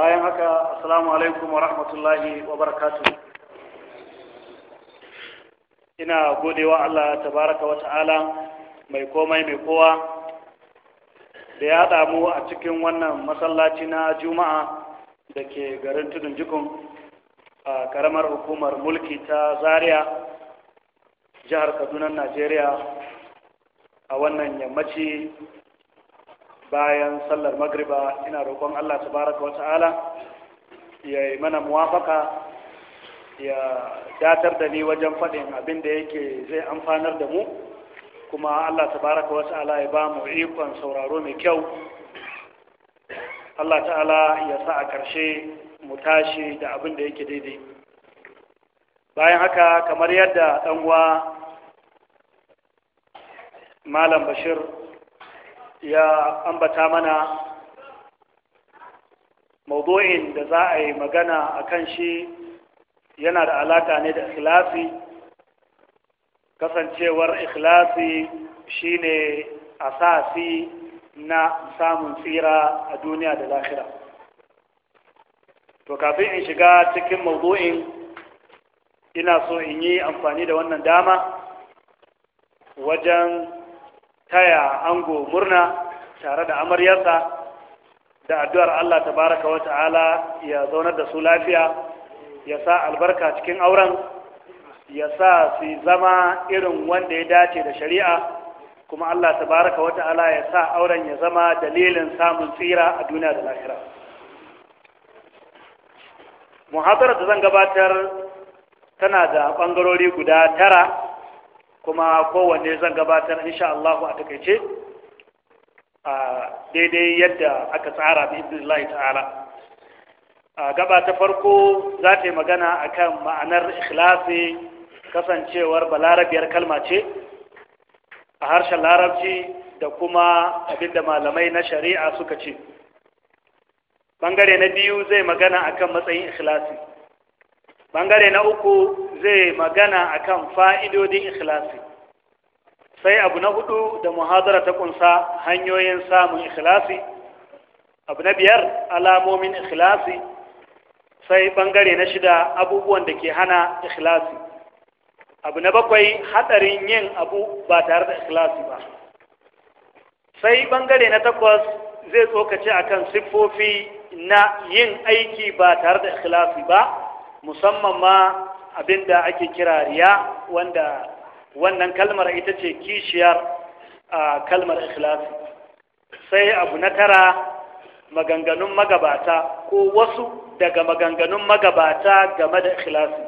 bayan haka assalamu alaikum wa rahmatullahi wa barakatu ina godewa Allah tabaraka wa ta'ala mai komai mai kowa da ya damu a cikin wannan masallaci na juma'a da ke garin tudun jikun a karamar hukumar mulki ta zaria jihar kaduna najeriya a wannan yammaci bayan sallar magriba ina roƙon Allah tabaraka wa ta'ala ya yi mana muwafaka ya datar da ni wajen faɗin abin da yake zai amfanar da mu kuma Allah tabaraka wa ta'ala ya ba mu ikon sauraro mai kyau Allah ta'ala ya sa a ƙarshe mu tashi da abin da yake daidai bayan haka kamar yadda ɗanwa malam bashir ya ambata mana maudu'in da za a yi magana a kan shi yana da alaƙa ne da ikhlasi kasancewar ikhlasi shine asasi na samun tsira a duniya da lahira to kafin in shiga cikin maudu'in ina so in yi amfani da wannan dama wajen taya ango murna tare da amaryarsa da addu'ar Allah tabaraka wa ta'ala ya zaunar da su lafiya ya sa albarka cikin auren ya sa su zama irin wanda ya dace da shari'a kuma Allah tabaraka wa ta'ala ya sa auren ya zama dalilin samun tsira a duniya da lahira muhazarar da zan gabatar tana da ɓangarori guda tara kuma kowanne zan gabatar insha Allahu a takaice a daidai yadda aka tsara bi Allah ta'ala a gaba ta farko za ta yi magana akan ma'anar ikhlasi kasancewar balarabiyar kalma ce a harshen larabci da kuma abinda malamai na shari'a suka ce bangare na biyu zai magana akan matsayin ikhlasi bangare na uku zai magana akan fa'idodin ikhlasi sai abu na hudu da muhadara ta kunsa hanyoyin samun ikhlasi abu na biyar alamomin ikhlasi sai bangare na shida abubuwan da ke hana ikhlasi abu na bakwai hadarin yin abu ba tare da ikhlasi ba sai bangare na takwas zai tsokace akan siffofi na yin aiki ba tare da ikhlasi ba musamman ma abin da ake kira riya wanda wannan kalmar ita ce kishiyar kalmar ikhlasi sai abu na tara maganganun magabata ko wasu daga maganganun magabata game da ikhlasi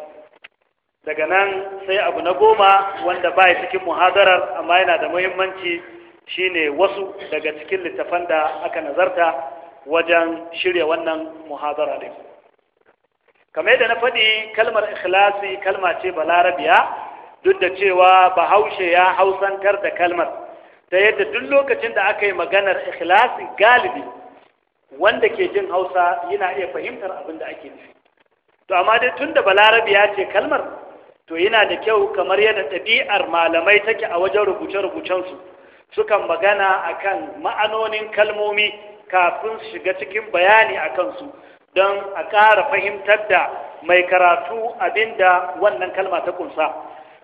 daga nan sai abu na goma wanda ba ya cikin muhadarar amma yana da muhimmanci shine wasu daga cikin littafan da aka nazarta wajen shirya wannan muhadara ne. kamar yadda na faɗi kalmar ikhlasi kalma ce balarabiya duk da cewa bahaushe ya hausantar da kalmar ta yadda duk lokacin da aka yi maganar ikhlasi galibi wanda ke jin hausa yana iya fahimtar abin da ake nufi to amma dai tun da balarabiya ce kalmar to yana da kyau kamar yadda ɗabi'ar malamai take a wajen rubuce-rubucensu sukan magana akan ma'anonin kalmomi kafin su shiga cikin bayani a kansu don a ƙara fahimtar da mai karatu abin da wannan kalma ta kunsa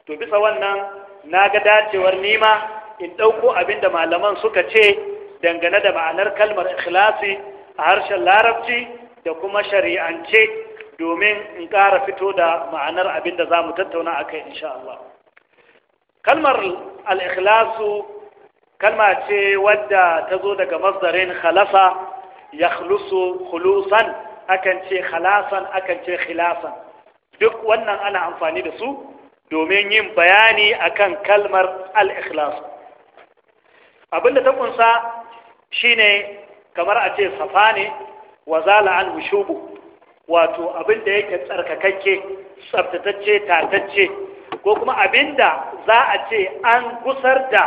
to bisa wannan na ga dacewar nima in ɗauko abin da malaman suka ce dangane da ma'anar kalmar ikhlasi a harshen larabci da kuma shari'ance domin in ƙara fito da ma'anar abin da za mu tattauna a kai insha Allah kalmar al-ikhlasu kalma ce wadda ta zo daga mazarin khalasa ya khulusu khulusan akan ce khalasan akan ce khilasan duk wannan ana amfani da su domin yin bayani akan kalmar al-ikhlas abinda ta kunsa shine kamar a ce safa ne wa zala an hushubu wato abinda yake tsarkakakke tsabtatacce tatacce ko kuma abinda za a ce an gusar da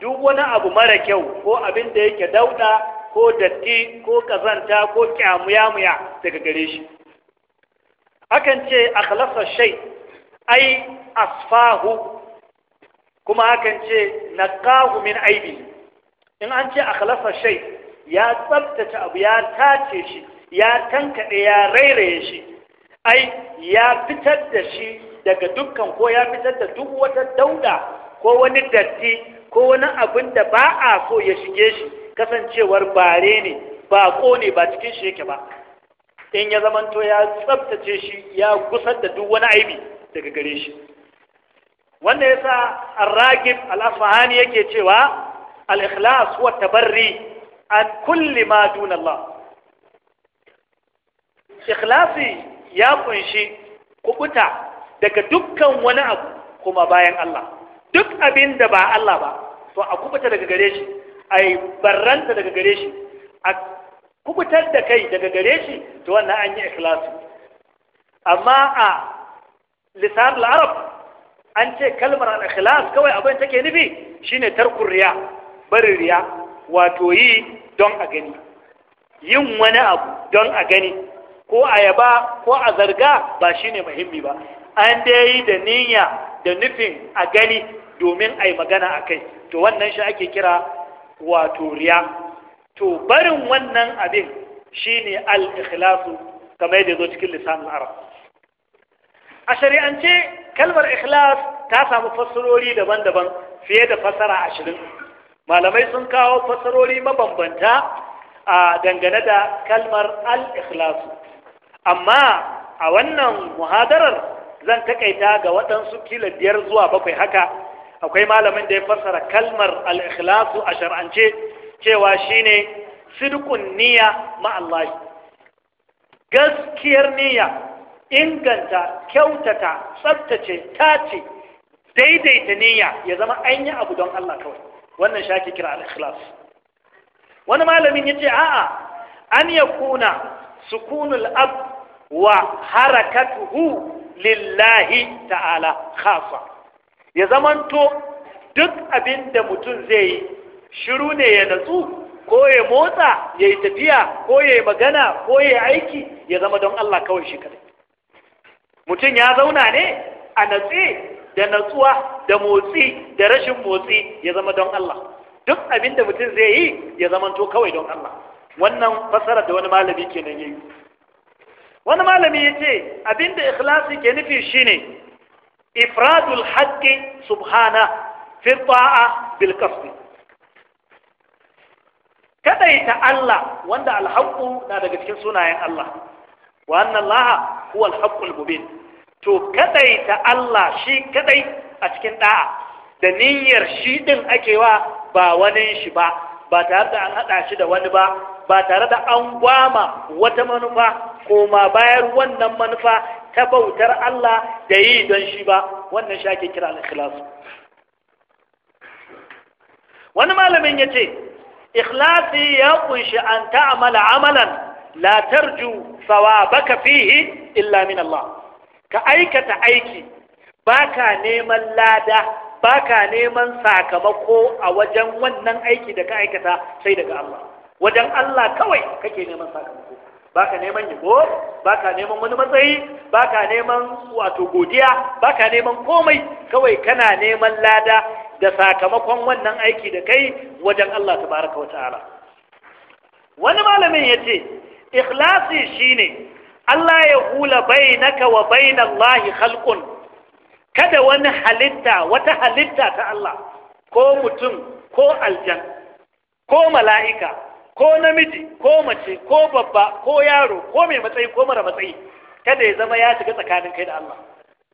duk wani abu mara kyau ko abinda yake dauda ko datti ko kazanta ko muya daga gare shi akan ce akhlasa shay ai asfahu kuma akan ce naqahu min aibi in an ce akhlasa shai, ya tsabtace abu ya tace shi ya tankade ya rairaye shi ai ya fitar da shi daga dukkan ko ya fitar da duk wata dauda ko wani datti ko wani abin da ba a so ya shige shi kasancewar bare ne ba ko ne ba cikin shi yake ba in ya zamanto ya tsabtace shi ya gusar da duk wani aibi daga gare shi wanda ya sa arragib al'afahani yake cewa al'ikhlas wa tabarri an kulli ma dun Allah ikhlasi ya kunshi kubuta daga dukkan wani abu kuma bayan Allah duk abin da ba Allah ba to a kubuta daga gare shi ai barranta daga gare shi a kubutar da kai daga gare shi to wannan an yi ikhlasu amma a lisan al-arab an ce kalmar al-ikhlas kawai abin take nufi shine tarkur riya barin riya wato yi don a gani yin wani abu don a gani ko a yaba ko a zarga ba shine muhimmi ba an dai da niyya da nufin a gani domin a magana a kai to wannan shi ake kira wato riya to barin wannan abin shine al-ikhlasu kamar yadda zo cikin lisanin arab a shari'ance kalmar ikhlas ta samu fassarori daban-daban fiye da fassara ashirin malamai sun kawo fassarori mabambanta a dangane da kalmar al-ikhlasu amma a wannan muhadarar zan takaita ga waɗansu kila biyar zuwa bakwai haka akwai malamin da ya fassara kalmar alikhlasu a shar'ance cewa shine ne niyya ma'allahi gaskiyar niyya inganta kyautata tsabtace tace daidaita niyya ya zama an abu don Allah kawai wannan shaki kira al wani malamin ya ce a'a an yakuna sukunul ab wa harakatuhu lillahi ta'ala khafa ya zamanto duk abin da mutum zai yi shiru ne ya natsu ko ya motsa ya yi tafiya ko ya yi magana ko ya yi aiki ya zama don Allah kawai shi kadai mutum ya zauna ne a natsi da natsuwa da motsi da rashin motsi ya zama don Allah duk abin da mutum zai yi ya zamanto kawai don Allah wannan fasara da wani malami kenan yayi wani malami ya ce abin da ikhlasi ke nufi shine ifradul haqqi subhana fi ta'a bil Allah wanda alhaƙu na daga cikin sunayen Allah wa anna Allah huwa alhaqqul mubin to kadaita Allah shi kaɗai a cikin ɗa'a? da niyyar shi din ake wa ba wani shi ba ba tare da an hada shi da wani ba ba tare da an gwama wata manufa ko ma bayar wannan manufa ta bautar Allah da yi don shi ba wannan shi ake kira al-ikhlas wani malamin ya ce ikhlasi ya kunshi an ta'amala amalan la tarju sawabaka fihi illa min Allah ka aikata aiki baka neman lada baka neman sakamako a wajen wannan aiki da ka aikata sai daga Allah wajen Allah kawai kake neman sakamako ba ka neman yabo ba ka neman wani matsayi ba ka neman wato godiya ba ka neman komai kawai kana neman lada da sakamakon wannan aiki da kai wajen Allah tabaraka wa ta'ala wani malamin ya ce ikhlasi shine Allah ya hula bainaka wa bainallahi khalqun kada wani halitta wata halitta ta Allah ko mutum ko aljan ko mala'ika ko namiji ko mace ko babba ko yaro ko mai matsayi ko mara matsayi kada ya zama ya shiga tsakanin kai da Allah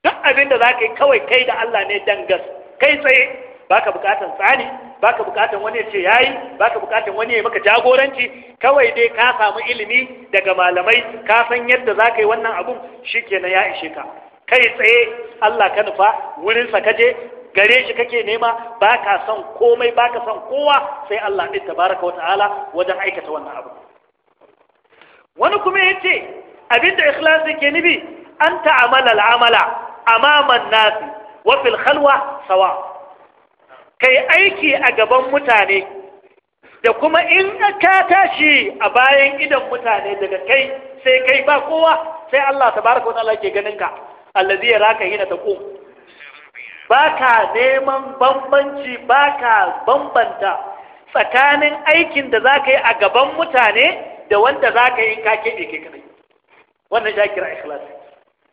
duk abin da za ka yi kawai kai da Allah ne dangas kai tsaye baka bukatan tsani baka bukatan wani ya ce yayi baka bukatan wani ya maka jagoranci kawai dai ka samu ilimi daga malamai ka san yadda za ka yi wannan abun shikenan ya ishe ka kai tsaye Allah ka nufa wurinsa kaje gare shi kake nema ba ka son komai ba ka son kowa sai Allah ɗin tabaraka wa ta'ala wajen aikata wannan abu wani kuma ya ce abinda ikhlasi ke nufi an ta'amala al'amala amaman nasi wa fil khalwa sawa kai aiki a gaban mutane da kuma in ka tashi a bayan idan mutane daga kai sai kai ba kowa sai Allah tabaraka wa ta'ala ke ganin ka allazi yaraka hina taqum baka neman bambanci baka bambanta tsakanin aikin da za ka yi a gaban mutane da wanda za ka yi in ka keɓe ke kanai wannan ya kira ikhlasi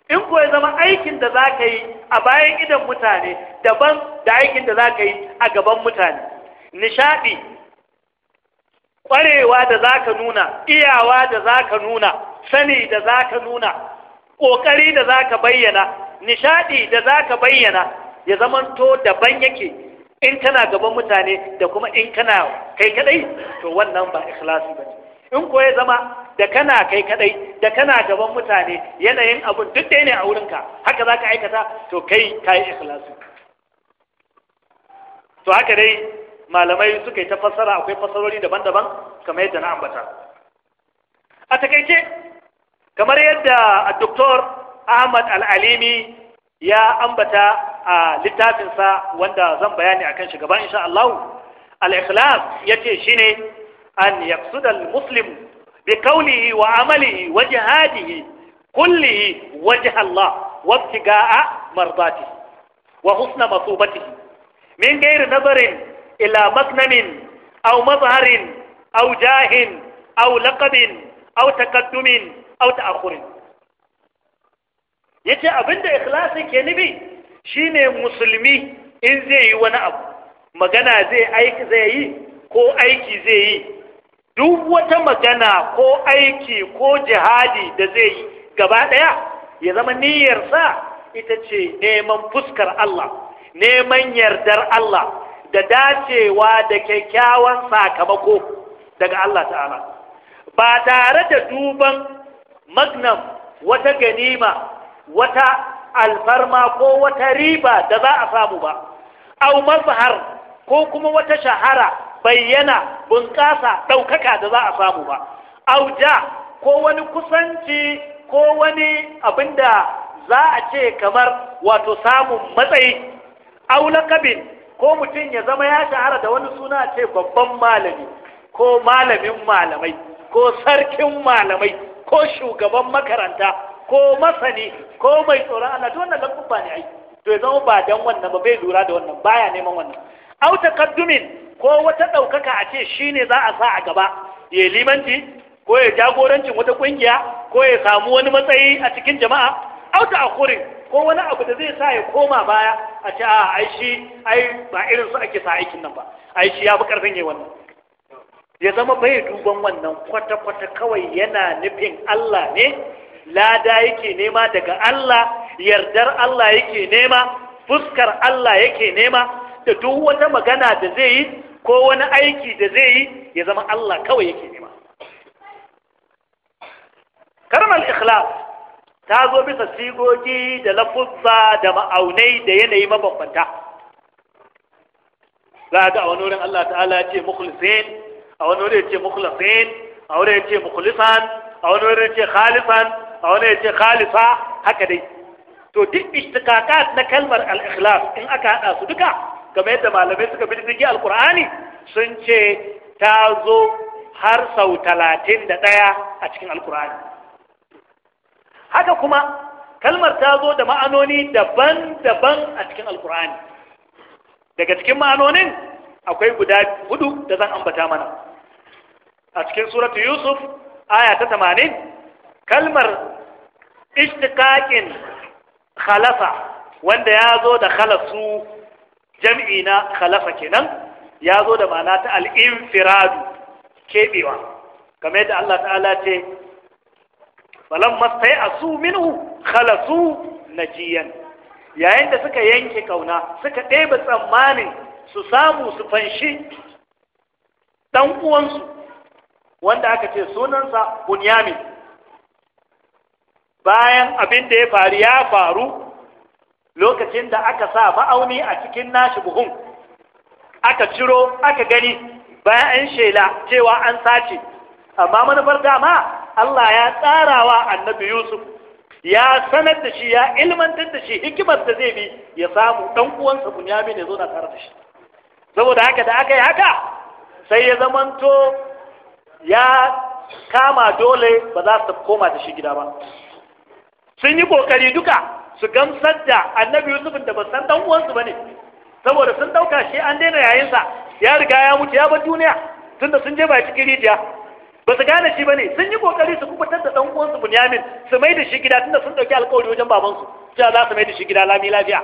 in ko ya zama aikin da za ka yi a bayan idan mutane daban da aikin da za ka yi a gaban mutane nishaɗi ƙwarewa da za ka nuna iyawa da za ka nuna sani da za ka nuna ƙoƙari da za ka bayyana nishaɗi da za ka bayyana ya zamanto daban yake in kana gaban mutane da kuma in kana kai kadai to wannan ba ikhlasi ba in ko ya zama da kana kai kadai da kana gaban mutane yanayin abun duk ɗaya ne a wurinka haka za ka aikata to kai ka yi ikhlasi to haka dai malamai suka yi ta fassara akwai fassarori daban-daban kamar yadda na ambata a takaice kamar yadda doktor ahmad Al-alimi ya ambata a littafinsa wanda zan bayani kan shi gaba insha Allah al-ikhlas yace shine an yaqsuda al-muslim bi qawlihi wa amalihi wa jihadihi kullihi wajha Allah wa ibtigaa mardatihi wa husna masubatihi min ghairi nazarin ila maknamin aw mazharin aw jahin aw laqabin aw takaddumin aw ta'akhurin yace abinda ikhlasi ke nibi Shi ne musulmi in zai yi wani abu magana zai yi ko aiki zai yi duk wata magana ko aiki ko jihadi da zai yi gaba ɗaya ya zama niyyarsa ita ce neman fuskar Allah neman yardar Allah da dacewa da kyakkyawan sakamako daga Allah ta'ala ba tare da duban magnan wata ganima wata alfarma ko wata riba da za a samu ba au mazhar ko kuma wata shahara bayyana bunƙasa ɗaukaka da za a samu ba au ja ko wani kusanci ko wani abin da za a ce kamar wato samun matsayi au lakabin ko mutum ya zama ya shahara da wani suna ce babban malami ko malamin malamai ko sarkin malamai ko shugaban makaranta ko masani ko mai tsoron Allah to wannan lafuffa ne ai to ya zama ba dan wannan ba bai lura da wannan baya neman wannan au takaddumin ko wata ɗaukaka a ce shine za a sa a gaba ya limanci ko ya jagorancin wata kungiya ko ya samu wani matsayi a cikin jama'a au ta ko wani abu da zai sa ya koma baya a ce a ai shi ai ba irin su ake sa aikin nan ba ai shi ya fi karfin yi wannan ya zama bai duban wannan kwata-kwata kawai yana nufin Allah ne lada yake nema daga Allah yardar Allah yake nema fuskar Allah yake nema da duk wata magana da zai yi ko wani aiki da zai yi ya zama Allah kawai yake nema karmal ikhlas ta zo bisa sigogi da lafuzza da ma'aunai da yanayi mabambanta za ga a wani Allah ta'ala ce mukhlisin a wani wurin ce mukhlasin a wurin ce mukhlisan a wani wurin ce khalisan a wani ya ce khalifa haka dai to duk ishtiqaqat na kalmar al-ikhlas in aka hada su duka kamar yadda malamai suka bi digi alqur'ani sun ce ta zo har sau talatin da ɗaya a cikin alqur'ani haka kuma kalmar ta zo da ma'anoni daban-daban a cikin alkur'ani daga cikin ma'anonin akwai guda hudu da zan ambata mana a cikin suratu yusuf aya ta tamanin kalmar ishtiqaqin khalafa wanda ya zo da khalasu jam'i na khalafa kenan ya zo da ma'ana ta al-infiradu kebewa kamar yadda Allah ta'ala ce a su minhu khalasu najiyan yayin da suka yanke kauna suka ɗeba tsammanin su samu su fanshi dan uwansu wanda aka ce sunansa bunyamin bayan abin da ya faru ya faru lokacin da aka sa ma'auni a cikin nashi buhun aka ciro aka gani bayan an shela cewa an sace amma manufar dama Allah ya tsara wa annabi Yusuf ya sanar da shi ya ilmantar da shi hikimar da zai bi ya samu ɗan uwansa bunyami ya zo na tare da shi saboda haka da aka yi haka sai ya zamanto ya kama dole ba za su koma da shi gida ba sun yi kokari duka su gamsar da annabi yusuf da basu san dan uwansu bane saboda sun dauka shi an daina yayinsa ya riga ya mutu ya bar duniya tunda sun je ba cikin rijiya ba su gane shi bane sun yi kokari su kubutar da dan uwansu bunyamin su mai da shi gida tunda sun dauki alƙawari wajen babansu cewa za su mai da shi gida lami lafiya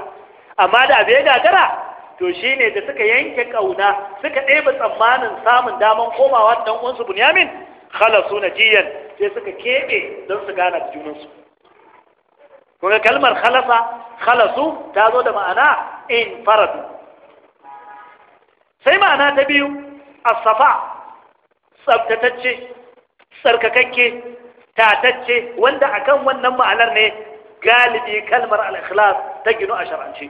amma da abu ya gagara to shine da suka yanke kauna suka ɗebe tsammanin samun daman komawa da dan uwansu bunyamin khalasu najiyan sai suka keɓe don su gana da junansu kuma kalmar khalasa khalasu ta zo da ma'ana in faradu sai ma'ana ta biyu asafa tsabtatacce tsarkakakke tatacce wanda akan wannan ma'anar ne galibi kalmar al-ikhlas ta ginu a shar'ance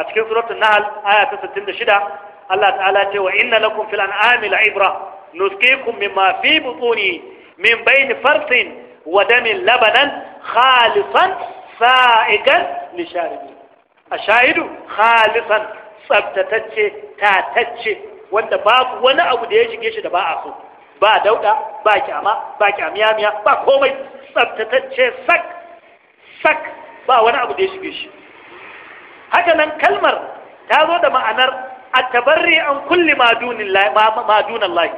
a cikin suratul nahl aya ta 66 Allah ta'ala ce wa inna lakum fil an'ami la'ibra nusqikum mimma fi butuni min bayni farsin wa damin labanan khalisan sa'igan lisharibi a shahidu khalisan tsabtatacce wanda babu wani abu da ya shige shi da ba a so ba dauda ba kyama ba kyamiyamiya ba komai tsabtatacce sak sak ba wani abu da ya shige shi haka nan kalmar ta zo da ma'anar a tabarri an kulli madunin lahi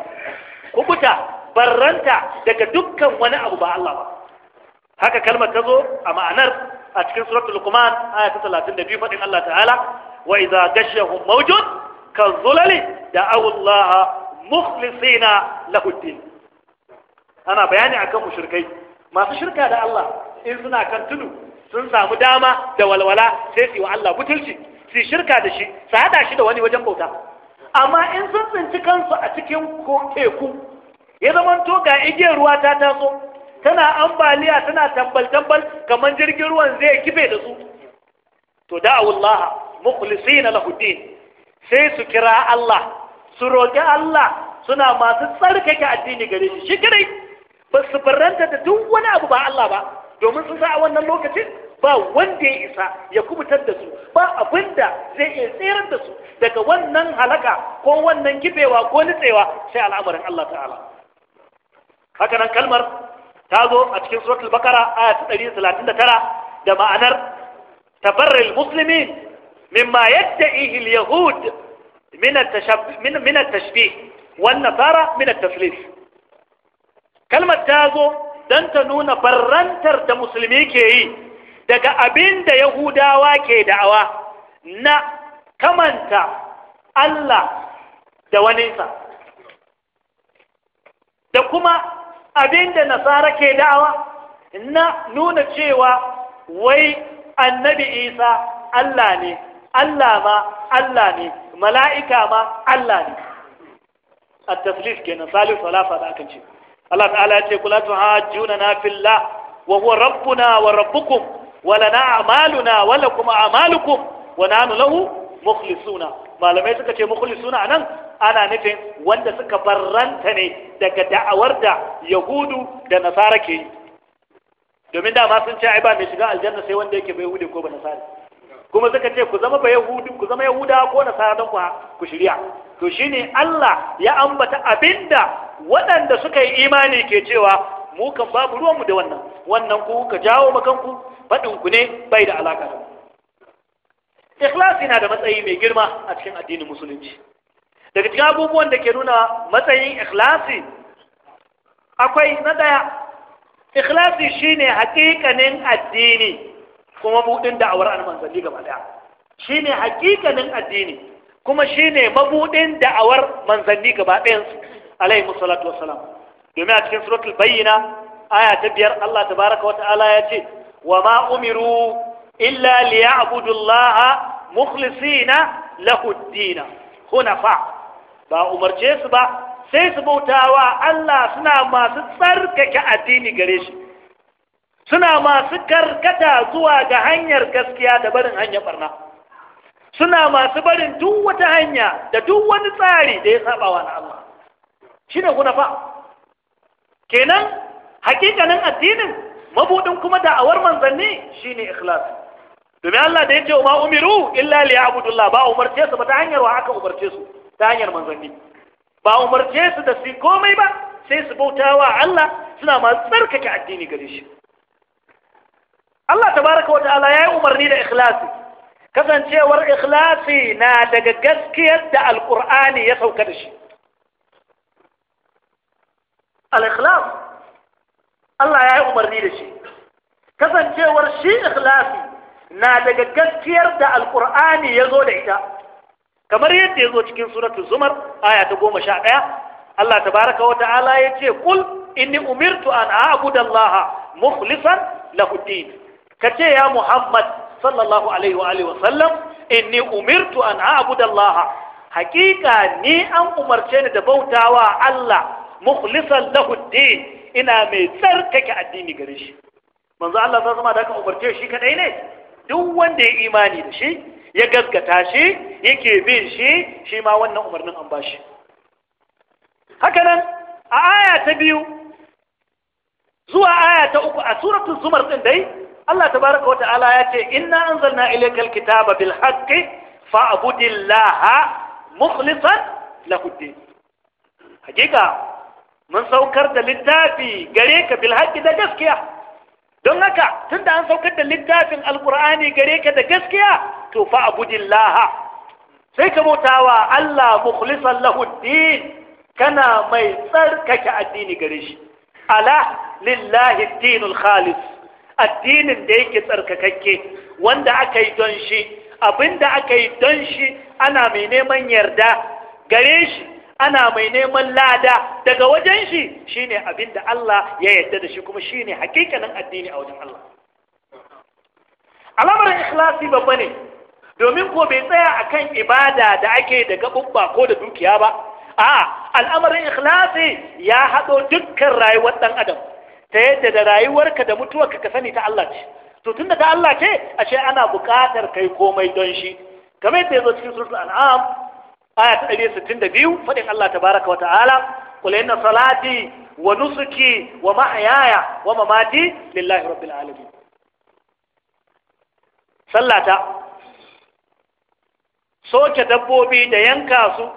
kubuta barranta daga dukkan wani abu ba Allah ba haka kalmar ta zo a ma'anar a cikin suratul luqman aya ta 32 fadin Allah ta'ala wa idza gashahum mawjud kazulali da'aw Allah mukhlisina lahu ana bayani akan mushrikai masu shirka da Allah in suna kan tudu sun samu dama da walwala sai su wa Allah butulci su shirka da shi su hada shi da wani wajen bauta amma in sun tsinci kansu a cikin teku ya zama to ga igiyar ruwa ta taso tana ambaliya tana tambal tambal kamar jirgin ruwan zai kife da su to da'awullah mukhlisina na Lahudin, sai su kira Allah su roƙi Allah suna masu tsarkake addini gare shi shi kadai ba su faranta da duk wani abu ba Allah ba domin sun sa a wannan lokacin ba wanda ya isa ya kubutar da su ba abinda zai iya tseren da su daga wannan halaka ko wannan kifewa ko nitsewa sai al'amarin Allah ta'ala haka nan kalmar ta zo a cikin suratul bakara aya ta 139 da ma'anar tabarril muslimi mimma yadda'ihi al-yahud min min at-tashbih wan nasara min at-taslif kalmar ta zo dan ta nuna barrantar da musulmi ke yi daga abinda yahudawa ke da'awa na kamanta Allah da waninsa da kuma Abin da nasara ke da'awa na nuna cewa wai annabi isa Allah ne Allah ma Allah ne mala'ika ma Allah ne a taslif kenan salif salafa da akan ce Allah ta'ala ya ce kula juna na filla, wa huwa rabbuna wa rabbukum wa lana a'maluna wa lakum a'malukum wa nanu lahu mukhlisuna malamai suka ce mukhlisuna anan ana nufin wanda suka barranta ne daga da'awar da yahudu da nasara ke yi domin dama sun ce ai ba mai shiga aljanna sai wanda yake bai hude ko ba nasara kuma suka ce ku zama ba yahudu ku zama yahuda ko nasara don ku shirya to shine Allah ya ambata abinda waɗanda suka yi imani ke cewa mu kan babu ruwanmu da wannan wannan ku ka jawo makanku faɗin ku ne bai da alaka da mu ikhlasi na da matsayi mai girma a cikin addinin musulunci daga cikin abubuwan da ke nuna matsayin ikhlasi akwai na daya ikhlasi shine hakikanin addini kuma buɗin da'awar almanzali gaba daya shine hakikanin addini kuma shine mabuɗin da'awar manzanni gaba ɗayansu alaihi musallatu wassalam domin a cikin suratul bayyina aya ta biyar Allah tabaraka wa ta'ala ya ce wa ma umiru إلا ليعبدوا الله مخلصين له الدين هنفاء با أمر جيسبا سيسبو تاوى الله سنا ما ستسركك الدين قريش سنا ما سكركتا زوا جهنير كسكيا دبرن هنيا برنا suna masu barin duk wata hanya da duk wani tsari da ya saba wa Allah shi ne kenan hakikanin addinin mabudin kuma da'awar manzanni shine ikhlas domin Allah da ya ce ma umiru illa li ya'budullah ba umarce su ba ta hanyar wa aka umarce su ta hanyar manzanni ba umarce su da su komai ba sai su bautawa Allah suna ma tsarkake addini gare shi Allah tabaraka wata'ala ya yi umarni da ikhlasi kasancewar ikhlasi na daga gaskiyar da alqur'ani ya sauka da shi al-ikhlas Allah ya yi umarni da shi kasancewar shi ikhlasi na daga gaskiyar da alkur'ani ya zo da ita kamar yadda ya zo cikin suratul zumar aya ta goma sha ɗaya Allah tabaraka wa ta'ala ya ce kul inni umirtu an a'budu Allah mukhlishan lahu din kace ya Muhammad sallallahu alaihi wa alihi wa sallam inni umirtu an a'budu Allah hakika ni an umarce ni da bautawa Allah mukhlishan lahu din ina mai tsarkake addini gare shi manzo Allah zama da ka umarce shi kadai ne duk wanda ya imani da shi ya gaskata shi yake bin shi shi ma wannan umarnin an bashi hakanan a aya ta biyu zuwa aya ta uku a suratul zumar din dai Allah tabaraka wa ta'ala ya ce inna anzalna ilaykal kitaba bil haqqi fa'budillaha mukhlishan lahu hakika mun saukar da littafi gare ka bil haqqi da gaskiya don haka tun da an saukar da littafin alkur'ani gare ka da gaskiya to fa abudillaha sai ka bautawa Allah mukhlisan lahu din kana mai tsarkake addini gare shi ala lillahi dinul khalis addinin da yake tsarkakakke wanda aka yi don shi abinda aka yi don shi ana mai neman yarda gare shi ana mai neman lada daga wajen shi shine abinda Allah ya yarda da shi kuma shine hakikanin addini a wajen Allah alamar ikhlasi babba ne domin ko bai tsaya akan ibada da ake da gabubba ko da dukiya ba a al'amarin ikhlasi ya haɗo dukkan rayuwar ɗan adam ta yadda da rayuwarka da mutuwarka ka sani ta Allah ce to tunda ta Allah ce ashe ana buƙatar kai komai don shi kamar yadda zo cikin suratul an'am aya ta ɗari sittin da biyu faɗin Allah baraka wa ta'ala kula inna salati wa nusuki wa mahayaya wa mamati lillahi rabbil alamin sallata soke dabbobi da yanka su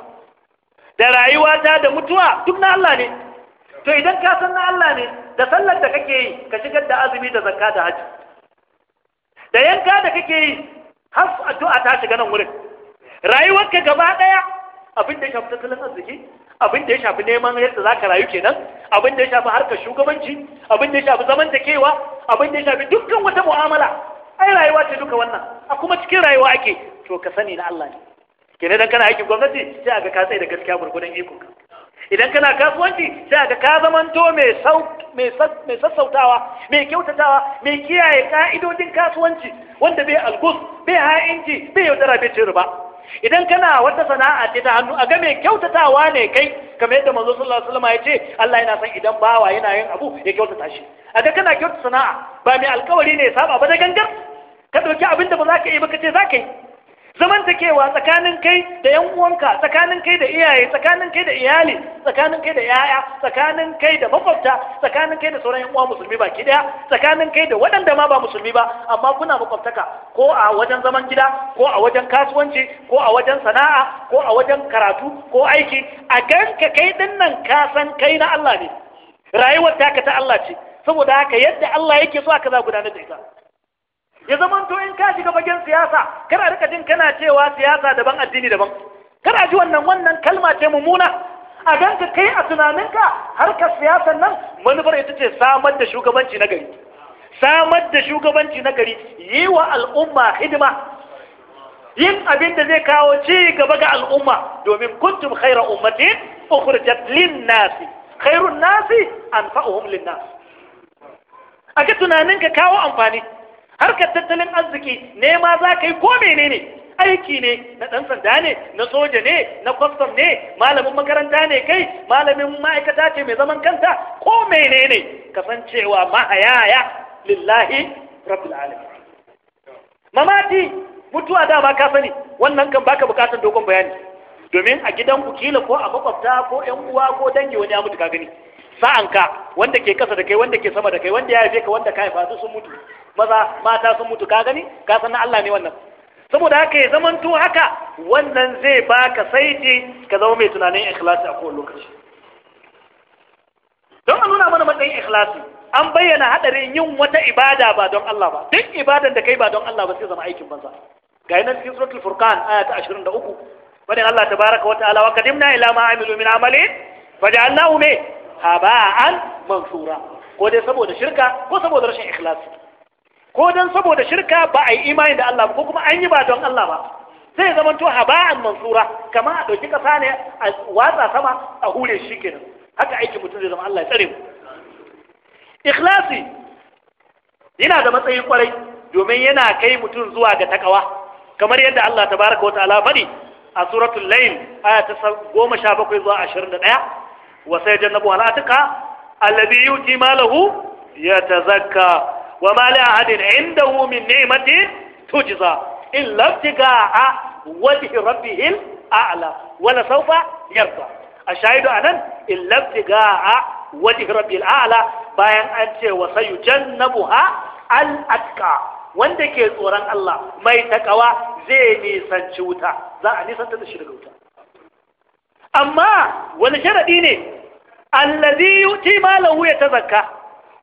da rayuwata da mutuwa duk na Allah ne to idan ka san na Allah ne da sallar da kake yi ka shigar da azumi da zakka da haji da yanka da kake yi har addu'a ta shiga nan wurin rayuwarka gaba ɗaya abin da ya shafi tattalin arziki abin da ya shafi neman yadda za ka rayu kenan abin da ya shafi harkar shugabanci abin da ya shafi zaman da kewa, abin da ya shafi dukkan wata mu'amala ai rayuwa ce duka wannan a kuma cikin rayuwa ake to ka sani na Allah ne kenan dan kana aikin gwamnati sai aga ka tsaye da gaskiya gurgudan ikon ka idan kana kasuwanci sai aka ka zamanto mai mai sassautawa mai kyautatawa mai kiyaye ka'idodin kasuwanci wanda bai algus bai ha'inci bai yaudara bai ci ba. idan kana wata sana'a ce ta hannu a ga mai kyautatawa ne kai kamar yadda manzo sallallahu alaihi wasallam ya ce Allah yana san idan bawa yana yin abu ya kyautata shi a ga kana kyautata sana'a ba mai alkawari ne saba ba da gangar ka dauki abin da ba za ka yi ba ka ce za ka yi zamantakewa tsakanin kai da yan uwanka tsakanin kai da iyaye tsakanin kai da iyali tsakanin kai da yaya tsakanin kai da makwabta tsakanin kai da sauran yan uwa musulmi baki daya tsakanin kai da waɗanda ma ba musulmi ba amma kuna makwabtaka ko a wajen zaman gida ko a wajen kasuwanci ko a wajen sana'a ko a wajen karatu ko aiki a kan ka kai din nan ka san kai na Allah ne rayuwar taka ta Allah ce saboda haka yadda Allah yake so aka za gudanar da ita ya zama to in ka shiga bagen siyasa kada rika jin kana cewa siyasa daban addini daban kada ji wannan wannan kalma ce mummuna a ganka kai a tunaninka harkar siyasar nan manufar ita ce samar da shugabanci na gari samar da shugabanci na gari yi wa al'umma hidima yin abin da zai kawo ci gaba ga al'umma domin kuntum khaira ummatin ukhrijat lin nasi khairun nasi anfa'uhum lin nas aga tunanin ka kawo amfani harkar tattalin arziki nema za ka yi ko menene aiki ne na ɗan sanda ne na soja ne na kwastam ne malamin makaranta ne kai malamin ma'aikata ce mai zaman kanta ko menene kasancewa mahayaya lillahi rabbil alamin mamati mutuwa dama ka sani wannan kan baka bukatar dogon bayani domin a gidan ku kila ko a makwabta ko yan uwa ko dangi wani ya mutu ka gani sa'anka wanda ke kasa da kai wanda ke sama da kai wanda ya haife ka wanda ka haifa sun mutu maza mata sun mutu ka gani ka san na Allah ne wannan saboda haka ya zamanto haka wannan zai baka saiti ka zama mai tunanin ikhlasi a kowane lokaci don a nuna mana matsayin ikhlasi an bayyana hadarin yin wata ibada ba don Allah ba duk ibadan da kai ba don Allah ba sai zama aikin banza ga yanar cikin suratul furqan aya ta 23 wani Allah baraka wa ta'ala wa qadimna ila ma amilu min amalin faj'alnahu ne haba'an mansura ko dai saboda shirka ko saboda rashin ikhlasi ko don saboda shirka ba a yi imani da Allah ba ko kuma an yi ba don Allah ba sai zama to haba'an mansura kama a ɗauki ƙasa ne a watsa sama a hure shi kenan haka aiki mutum zai zama Allah ya tsare mu ikhlasi yana da matsayin kwarai domin yana kai mutum zuwa ga takawa kamar yadda Allah tabaraka baraka wata faɗi a suratul layl aya ta 17 zuwa 21 wa sayyajannabu al-atqa alladhi yuti malahu yatazakka wa ma la ahadin indahu min ni'matin tujza illa ibtigaa wajhi rabbihil a'la wala sawfa yarda ashahidu anan illa ibtigaa wajhi rabbil a'la bayan an ce wa sayujannabuha al atqa wanda ke tsoron Allah mai takawa zai nisanci wuta za a nisanta da shi daga wuta amma wani sharadi ne allazi yuti malahu ya tazakka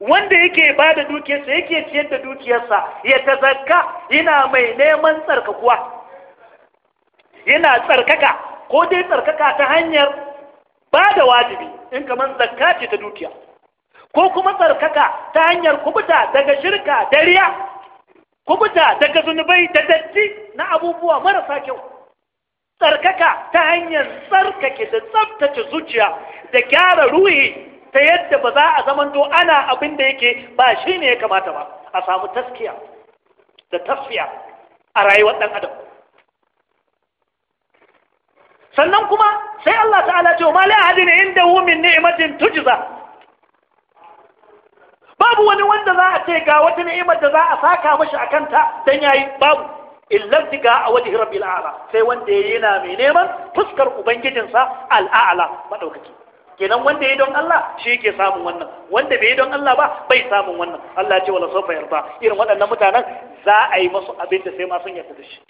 wanda yake ba da dukiyarsa yake ciyar da dukiyarsa ya ta zarka yana mai neman tsarkakuwa yana tsarkaka ko dai tsarkaka ta hanyar ba da wajibi in kamar zakka ce ta dukiya ko kuma tsarkaka ta hanyar kubuta daga shirka da riya kubuta daga zunubai da datti na abubuwa marasa kyau tsarkaka ta hanyar tsarkake da tsabtace zuciya da gyara ruhi ta yadda ba za a zamanto ana abin da yake ba shi ne ya kamata ba a samu taskiya da tasfiya a rayuwar ɗan adam sannan kuma sai Allah ta'ala ce ma la ahadin inda hu min ni'matin tujza babu wani wanda za a ce ga wata ni'imar da za a saka mashi akan ta dan yayi babu diga a wajhi rabbil a'la sai wanda yana mai neman fuskar ubangijinsa al'a'la madaukaki kenan wanda ya don Allah shi yake samun wannan wanda bai don Allah ba bai samun wannan Allah ya ce wala sofa yarda irin waɗannan mutanen za a yi masu abin da sai ma sun yarda da shi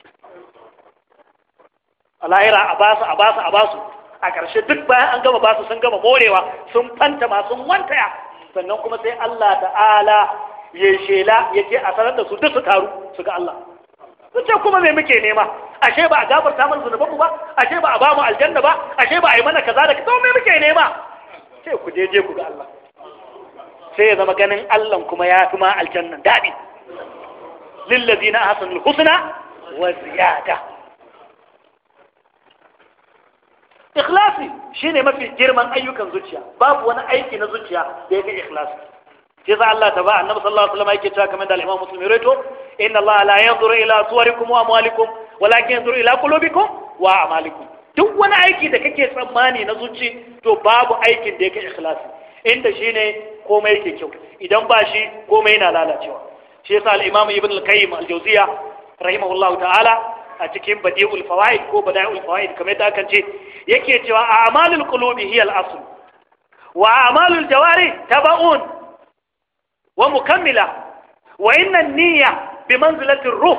alahira a basu a basu a basu a ƙarshe duk bayan an gama basu sun gama morewa sun fanta masu sun wantaya sannan kuma sai Allah ta'ala ya shela ya a sanar da su duk su taru su ga Allah sun ce kuma me muke nema ashe ba a gafarta mana zunubanmu ba ashe ba a ba mu aljanna ba ashe ba a yi mana kaza da kaza me muke nema sai ku je je ku ga Allah sai ya zama ganin Allah kuma ya fi ma aljanna dadi lillazina ahsanul husna wa ziyada ikhlasi shine mafi girman ayyukan zuciya babu wani aiki na zuciya da yake ikhlasi sai za Allah ta ba annabi sallallahu alaihi wasallam yake cewa kamar da al-Imam Muslim rawaito inna Allah la yanzuru ila suwarikum wa amwalikum walakin yanzuru ila qulubikum wa amalikum duk wani aiki da kake tsammani na zuci to babu aikin da yake ikhlasi inda shine komai yake kyau idan ba shi komai yana lalacewa shi yasa al-Imam Ibn al-Qayyim al-Jawziya rahimahullahu ta'ala a cikin badi'ul fawaid ko bada'iul fawaid kamar da akan ce yake cewa a'malul qulubi hiya al-asl wa a'malul jawari taba'un wa mukammila wa inna niyya bi manzilati ruh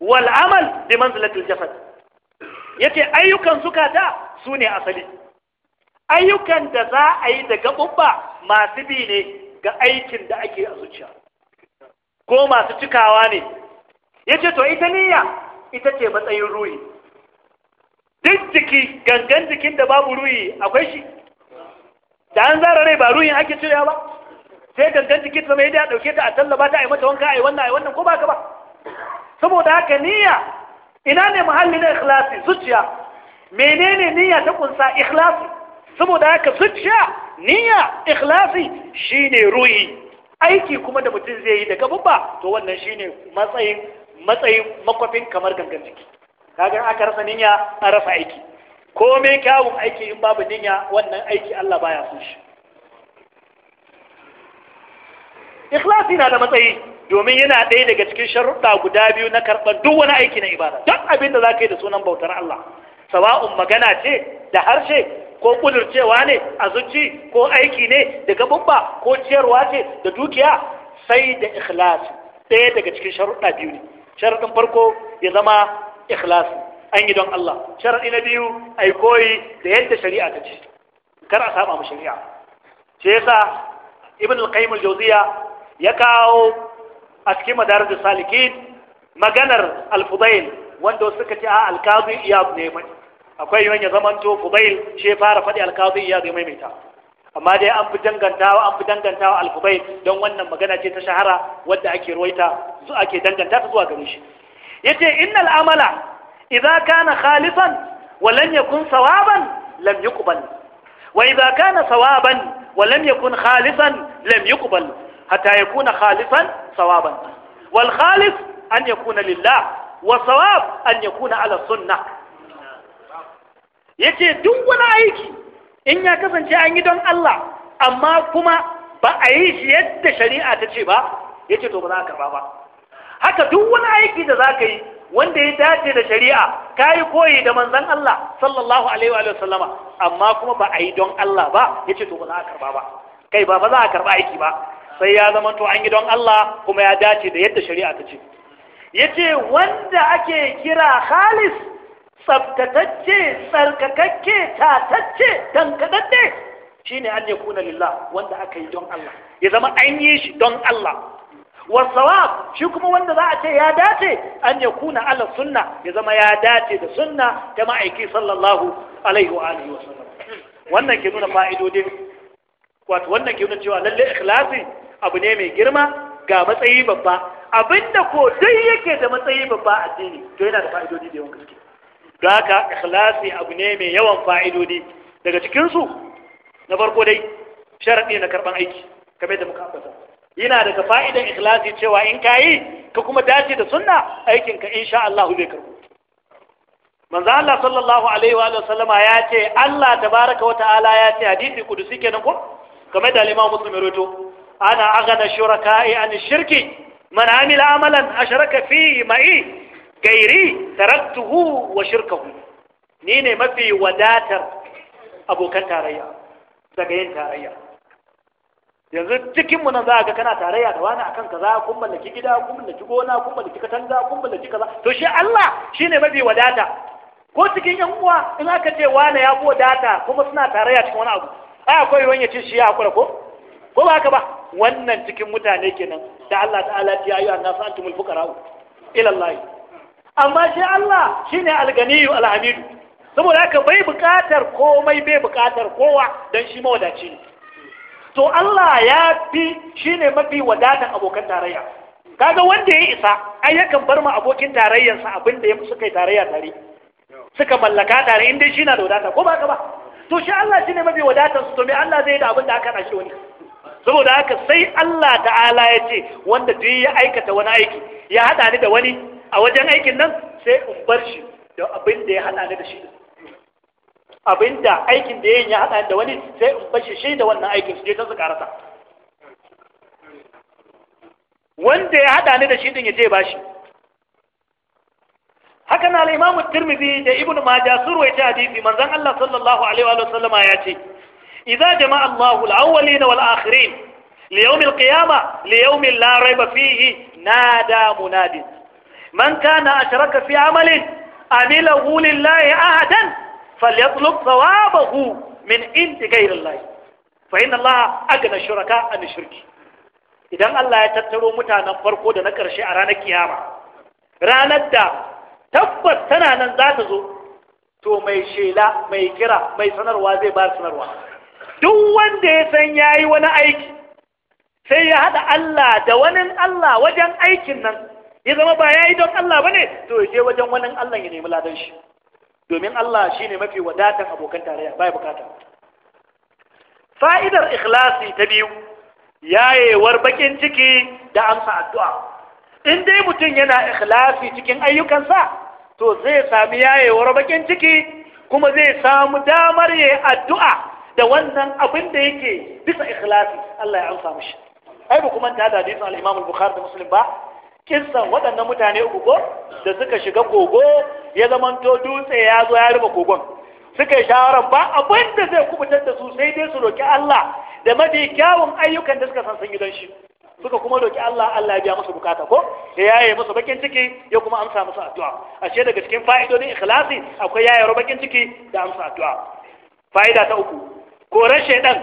wal amal bi manzilati jasad yace ayyukan zukata sune asali ayyukan da za a yi da gaɓuɓɓa masu bi ne ga aikin da ake a zuciya ko masu cikawa ne yace to ita niyya ita ce matsayin ruhi duk jiki gangan jikin da babu ruhi akwai shi da an rai ba ruhin ake cirewa ba sai gangan jikin zama ya dauke ta a tallaba ta aimata mata wanka yi wannan ai wannan ko ba ka ba saboda haka niyya ina ne muhalli na ikhlasi zuciya menene niyya ta kunsa ikhlasi saboda haka zuciya niyya ikhlasi shine ruhi aiki kuma da mutum zai yi daga babba to wannan shine matsayin matsayin makwafin kamar gangan jiki kaga aka rasa niyya a rasa aiki komai kyawun aiki in babu niyya wannan aiki Allah baya so shi ikhlasi na da matsayi domin yana ɗaya daga cikin sharuɗa guda biyu na karɓar duk wani aiki na ibada duk abin da za ka yi da sunan bautar Allah sawa'un magana ce da harshe ko kudurcewa ne a zuci ko aiki ne da gabubba ko ciyarwa ce da dukiya sai da ikhlasi ɗaya daga cikin sharuɗa biyu ne sharuɗin farko ya zama ikhlasi an yi don Allah sharaɗi na biyu a yi koyi da yadda shari'a ta ce kar a saba mu shari'a shi yasa ibn al-qayyim al-jawziya ya kawo a cikin madarajin salikin maganar alfudail wanda suka ce a alkazi iyab ne mai akwai yawan ya zamanto fudail shi fara faɗi alkazi iyab ne maimaita amma dai an fi dangantawa an fi dangantawa alfudail don wannan magana ce ta shahara wadda ake ruwaita su ake danganta ta zuwa gare shi yace innal amala idza kana khalifan wa lam yakun sawaban lam yuqbal wa idza kana sawaban wa lam yakun khalifan lam yuqbal Hata ya kuna khalisan sawaban wal khalis an kuna lillah wa sawab an ya yakuna ala sunnah yace duk wani aiki in ya kasance an yi don Allah amma kuma ba a yi shi yadda shari'a ta ce ba Ya ce to ba za a karba ba haka duk wani aiki da za ka yi wanda ya dace da shari'a ka yi koyi da manzan Allah sallallahu alaihi wa sallama amma kuma ba a yi don Allah ba Ya ce to ba za a karba ba kai ba ba za a karba aiki ba sai ya zama to an yi don Allah kuma ya dace da yadda shari'a ta ce yace wanda ake kira khalis tsaftatacce tsarkakakke tatacce tankadadde shine an yakuna lillah wanda aka yi don Allah ya zama an yi shi don Allah wasawab shi kuma wanda za a ce ya dace an ya kuna ala sunna ya zama ya dace da sunna ta ma'aiki sallallahu alaihi wa alihi wa sallam wannan ke nuna fa'idodin wato wannan ke nuna cewa lalle ikhlasi abu ne mai girma ga matsayi babba abinda ko dai yake da matsayi babba a addini to yana da fa'idodi da yawan gaske don haka ikhlasi abu ne mai yawan fa'idodi daga cikin su na farko dai sharadi na karban aiki kamar da muka ambata yana daga fa'idan ikhlasi cewa in kayi ka kuma dace da sunna aikin ka insha Allah zai karbu manzo Allah sallallahu alaihi wa sallama ya ce Allah tabaraka wa ta'ala ya ce hadisi kudusi kenan ko kamar da al-Imam Muslim ya rawaito ana أغنى شركائي عن shirki من amila amalan أشرك فيه ma'i gairi تركته wa shirkahu ni ne mafi wadatar abokan tarayya daga yin tarayya yanzu cikin mu nan za ga kana tarayya da wani akan kaza kun mallaki gida kun mallaki gona kun mallaki katanga kun mallaki kaza to shi Allah shine mafi wadata ko cikin yan uwa in aka ce wani ya ko data kuma suna tarayya cikin wani abu ai akwai wani ya ce shi ya hakura ko ko ba haka ba wannan cikin mutane kenan da Allah ta'ala ya yi annasu antumul fuqara ila Allah amma shi Allah shine alganiyu alhamidu saboda haka bai bukatar komai bai bukatar kowa dan shi mawadaci ne to Allah ya fi shine mafi wadatan abokan tarayya kaga wanda ya isa ai yakan bar ma abokin tarayyarsa abin da ya suka yi tarayya tare suka mallaka tare inda shi na da wadata ko ba ka ba to shi Allah shine mafi wadatar su to me Allah zai yi da abin da aka kashe wani saboda haka sai Allah ta'ala ya ce wanda duk ya aikata wani aiki ya haɗa ni da wani a wajen aikin nan sai in bar shi da abin da ya haɗa ni da shi abin da aikin da ya ya haɗa ni da wani sai in bar shi shi da wannan aikin su je ta su karasa wanda ya haɗa ni da shi din ya je ba shi haka na al-Imam Tirmidhi da Ibn Majah sun rawaita hadisi manzon Allah sallallahu alaihi wa sallama ya ce idza jama'a Allahu al-awwalina wal akhirin li yawm al-qiyamah li yawm la rayba fihi nada munadin man kana ashraka fi amalin amilahu lillahi ahadan falyatlub thawabahu min indi ghayri Allah fa inna Allah agna shuraka an shirki idan Allah ya tattaro mutanen farko da na ƙarshe a ranar kiyama ranar da tabbas tana nan za ta zo to mai shela mai kira mai sanarwa zai ba sanarwa duk wanda ya san ya yi wani aiki sai ya haɗa Allah da wani Allah wajen aikin nan ya zama ba ya yi don Allah ba ne to ya je wajen wani Allah ya nemi ladan shi domin Allah shi ne mafi wadatan abokan tarayya baya bukata fa'idar ikhlasi ta biyu yayewar bakin ciki da amsa addu'a in dai mutum yana ikhlasi cikin ayyukansa to zai sami yayewar bakin ciki kuma zai samu damar yi addu'a da wannan abin da yake bisa ikhlasi Allah ya amsa mishi ai ba kuma ta da hadisin al-Imam al-Bukhari da Muslim ba Kinsan waɗannan mutane uku ko da suka shiga kogo ya zamanto dutse ya zo ya rufe kogon suka yi ba abin da zai kubutar da su sai dai su roki Allah da mafi kyawun ayyukan da suka san sun yi don shi suka kuma roki Allah Allah ya biya musu bukata ko ya yaye musu bakin ciki ya kuma amsa musu addu'a ashe daga cikin fa'idodin ikhlasi akwai yaye bakin ciki da amsa addu'a fa'ida ta uku koran shaidan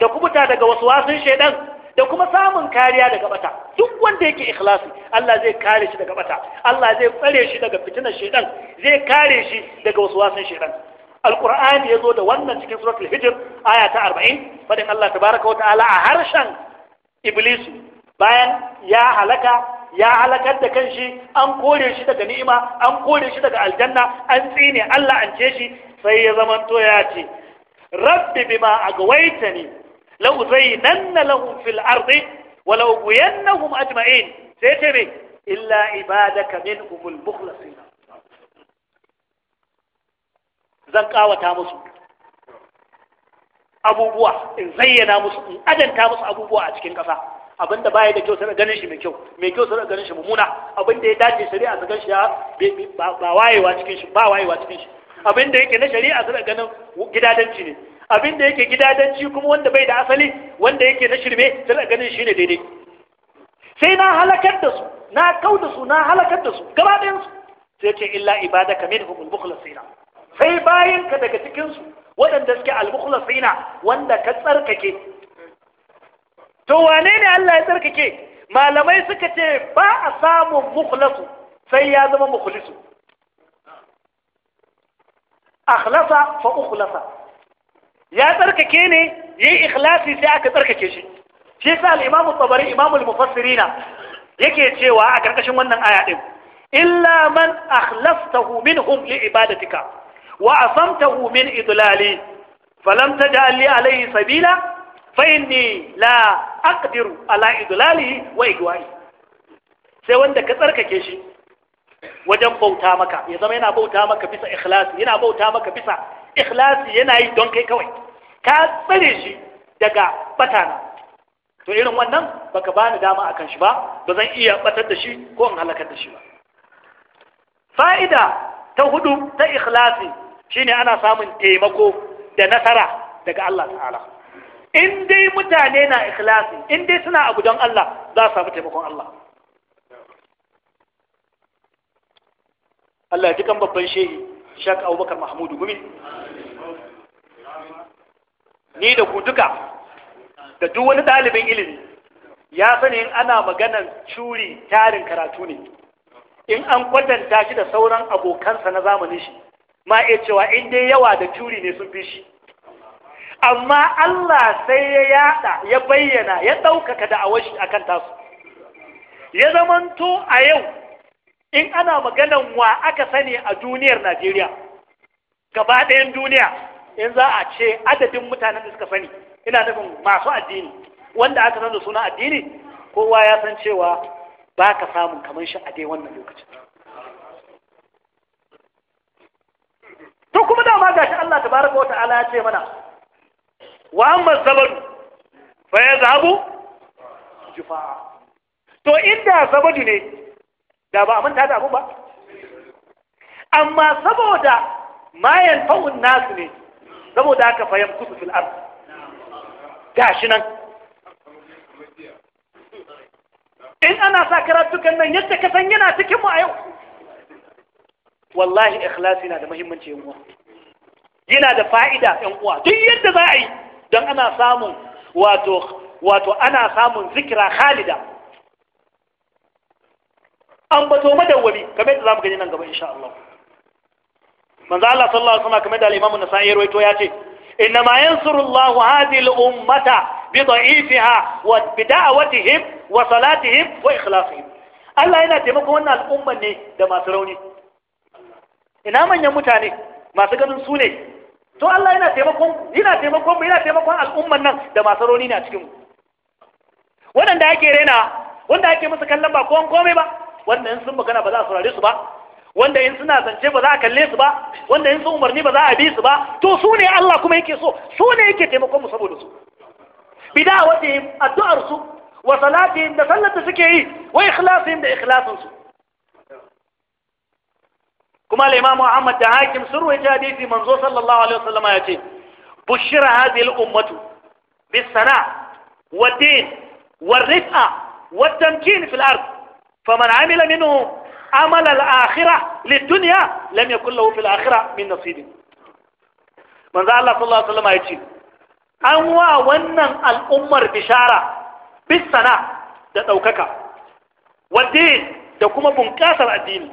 da kubuta daga wasu wasun shaidan da kuma samun kariya daga bata duk wanda yake ikhlasi Allah zai kare shi daga bata Allah zai tsare shi daga fitinar shaidan zai kare shi daga wasu wasun shaidan alqur'ani yazo da wannan cikin suratul hijr aya ta 40 fadin Allah tabaraka wa ta'ala a harshen Iblis. bayan ya halaka ya halakar da kanshi an kore shi daga ni'ima an kore shi daga aljanna an tsine Allah an ce shi sai ya zamanto ya ce rabbi bima agwaitani la uzainanna lahum fil ardi wa la ughwiyannahum ajma'in sai ce me illa ibadaka minhumul mukhlasin zan kawata musu abubuwa in zayyana musu in adanta musu abubuwa a cikin ƙasa abin da baya da kyau sai ganin shi mai kyau mai kyau sai ganin shi mummuna abin da ya dace shari'a ta ganin shi ba wayewa cikin shi ba wayewa cikin shi Abinda yake na shari'a suna ganin gidadanci ne Abinda da yake gidadanci kuma wanda bai da asali wanda yake na shirme suna ganin shine daidai sai na halakar da su na kau da su na halakar da su gaba ɗayan su sai ce illa ibada ka minhum al-mukhlasina sai bayan ka daga cikin su waɗanda suke al-mukhlasina wanda ka tsarkake to wane ne Allah ya tsarkake malamai suka ce ba a samun mukhlasu sai ya zama mukhlisu akhlasa fa ukhlasa ya tsarkake ne yayi ikhlasi sai aka tsarkake shi shi sa al-imamu tabari imamul mufassirina yake cewa a karkashin wannan aya din illa man akhlastahu minhum li ibadatika wa asamtahu min idlali falam taj'al li alayhi sabila fa inni la aqdiru ala idlalihi wa igwai sai wanda ka tsarkake shi wajen bauta maka ya zama yana bauta maka bisa ikhlasi yana bauta maka bisa ikhlasi yana yi don kai kawai ka tsare shi daga batana to irin wannan baka bani dama akan shi ba ba zan iya batar da shi ko in halakar da shi ba fa'ida ta hudu ta ikhlasi shine ana samun taimako da nasara daga Allah ta'ala in dai mutane na ikhlasi in dai suna abu don Allah za su samu taimakon Allah Allah ya ji kan babban shehi Shak Abubakar Mahmudu Gumi ni da ku duka da duk wani ɗalibin ilimi ya sani in ana maganan curi tarin karatu ne in an kwatanta shi da sauran abokansa na zamanin shi ma iya cewa in dai yawa da curi ne sun fi shi amma Allah sai ya yada ya bayyana ya ɗaukaka da awashi akan tasu ya zamanto a yau in ana maganan wa aka sani a duniyar Najeriya gaba ɗayan duniya in za a ce adadin mutanen da suka sani ina nufin masu addini wanda aka san da suna addini kowa ya san cewa ba ka samun kamar shi a dai wannan lokacin to kuma da ma gashi Allah wata ala ya ce mana wa amma zabadu fa zabu jufa to inda zabadu ne da ba a manta da abun ba amma saboda mayan fa'un nasu ne saboda aka fahim kudu fil ard gashi nan in ana sa karatukan nan yadda ka san yana cikin mu a yau wallahi ikhlasi na da muhimmanci yan yana da fa'ida yan uwa duk yadda za a yi don ana samun wato ana samun zikira khalida an bato madawwami kamar yadda zamu gani nan gaba insha Allah manzo Allah sallallahu alaihi wasallam kamar da al-Imam An-Nasa'i rawaito ya ce inna ma yansuru Allah hadhihi al-ummata bi da'ifiha wa bi da'watihim wa salatihim wa ikhlasihim Allah yana taimakon wannan al'umman ne da masu rauni ina manyan mutane masu ganin su ne to Allah yana taimakon yana taimakon mu yana taimakon al'umman nan da masu rauni ne a cikin mu waɗanda ake rena wanda ake musu kallon ba kowan komai ba wanda in sun magana ba za a saurare su ba wanda in suna zance ba za a kalle su ba wanda in sun umarni ba za a bi su ba to su ne Allah kuma yake so su ne yake taimakon mu saboda su bida wata addu'ar su wa salatihim da sallar da suke yi wa ikhlasihim da ikhlasin su kuma al imam Muhammad da Hakim sun rawaita hadisi manzo sallallahu alaihi wasallam ya ce bushira hadhihi al-ummatu bis-sana' wa din wa rifa wa tamkin fil ardh faman amila minhu amal al-akhirah lid-dunya lam yakul lahu fil min nasib manzo Allah sallallahu alaihi wasallam yace an wa wannan al'ummar bishara bisana da daukaka wadde da kuma bunƙasar addini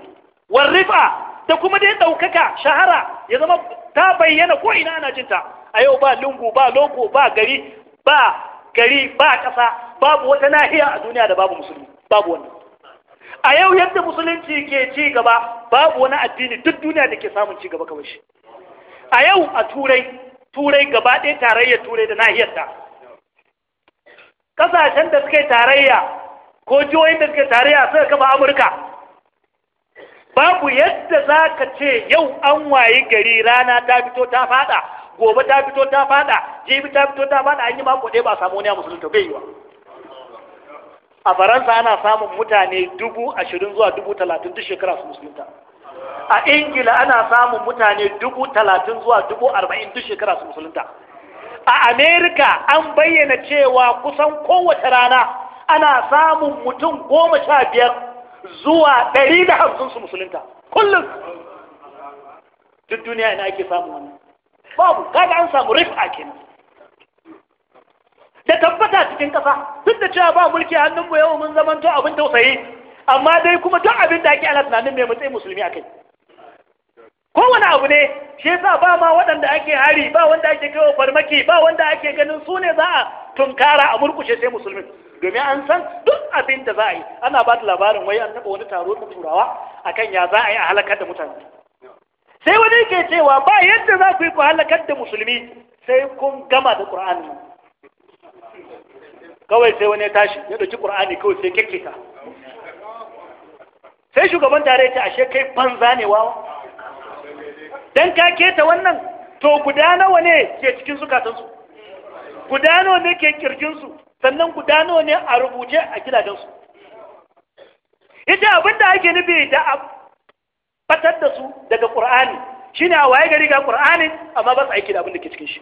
warrifa da kuma dai ɗaukaka shahara ya zama ta bayyana ko ina ana jinta a yau ba lungu ba loko ba gari ba gari ba ƙasa babu wata nahiya a duniya da babu musulmi a yau yadda musulunci ke ci gaba babu wani addini duk duniya da ke samun ci gaba kawai shi a yau a turai turai gaba ɗaya tarayyar turai da nahiyar ta ƙasashen da suka yi tarayya ko jihohin da suka yi tarayya suka kama amurka babu yadda za ka ce yau an wayi gari rana ta fito ta fada gobe ta fito ta fada jibi ta fito ta fada an yi mako ɗaya ba samu wani a musulunta bai yi wa a faransa ana samun mutane dubu ashirin zuwa dubu talatin duk shekara su musulunta a ingila ana samun mutane dubu talatin zuwa dubu arba'in duk shekara su musulunta a amerika an bayyana cewa kusan kowace rana ana samun mutum goma sha biyar zuwa ɗari da hamsin su musulunta kullum duk duniya ina ake samun wannan babu kaga an samu rif a kenan da tabbata cikin ƙasa duk da cewa ba mulki hannunmu yau mun to abin tausayi amma dai kuma duk abin da ake ana tunanin mai matsayin musulmi a kai kowane abu ne shi yasa ba ma waɗanda ake hari ba wanda ake kawo farmaki ba wanda ake ganin su ne za a tunkara a murkushe sai musulmi domin an san duk abin da za a yi ana ba da labarin wai an naɓa wani taro na turawa akan ya za a yi a halakar da mutane sai wani ke cewa ba yadda za ku yi ku halakar da musulmi sai kun gama da ƙur'ani kawai sai wani ya tashi ya ɗauki ƙur'ani kawai sai kekkita sai shugaban tare ta ashe kai banza ne wawa dan ka keta wannan to guda nawa ne ke cikin zukatansu guda nawa ne ke kirjinsu sannan guda nawa ne a rubuce a gidajensu ita abin da ake nufi da a batar da su daga ƙur'ani shine a waye gari ga ƙur'anin amma ba su aiki da abin da ke cikin shi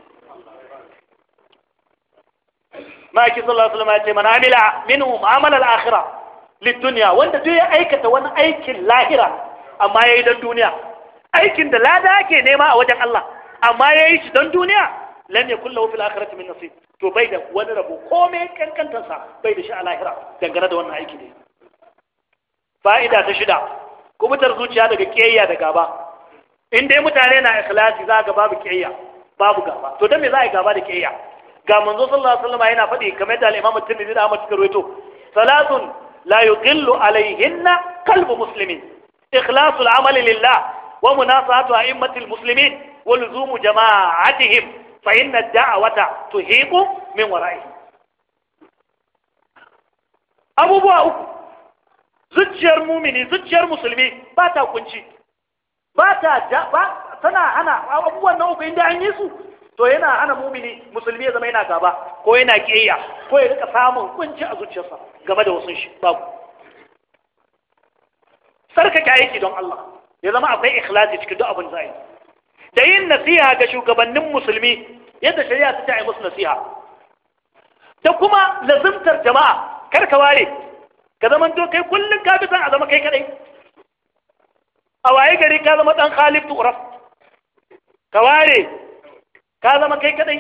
maki sallallahu alaihi wasallam ya ce man amila minhum amala al-akhirah lid-dunya wanda duk ya aikata wani aikin lahira amma yayi dan duniya aikin da lada yake nema a wajen Allah amma yayi shi dan duniya lam yakul lahu fil akhirati min nasib to bai da wani rabo komai kankantarsa bai da shi a lahira dangane da wannan aiki ne fa'ida ta shida kubutar zuciya daga kiyayya da gaba in dai mutane na ikhlasi za ga babu kiyayya babu gaba to dan me za a yi gaba da kiyayya ga manzo sallallahu alaihi wasallam yana faɗi kamar da al-Imam Tirmidhi da Ahmad suka rawaito salatun la yuqillu alaihinna qalbu muslimin ikhlasul amali lillah wa munasahatu a'immatil muslimin wa luzumu jama'atihim fa inna ad-da'wata tuhiqu min wara'ihi abubuwa uku zuciyar mumini zuciyar musulmi ba ta kunci ba ta ba tana hana abubuwan na uku inda an yi su to yana hana mumini musulmi ya zama yana gaba ko yana kiyayya ko ya rika samun kunci a zuciyarsa game da wasu shi babu kya aiki don Allah ya zama akwai ikhlasi cikin duk abin zai da yin nasiha ga shugabannin musulmi yadda shari'a ta ta yi musu nasiha Ta kuma lazimtar jama'a kar ka ware ka zama to kai kullum ka bi san a zama kai kadai a waye gari ka zama dan khalif tu'raf ka ware ka zama kai kadai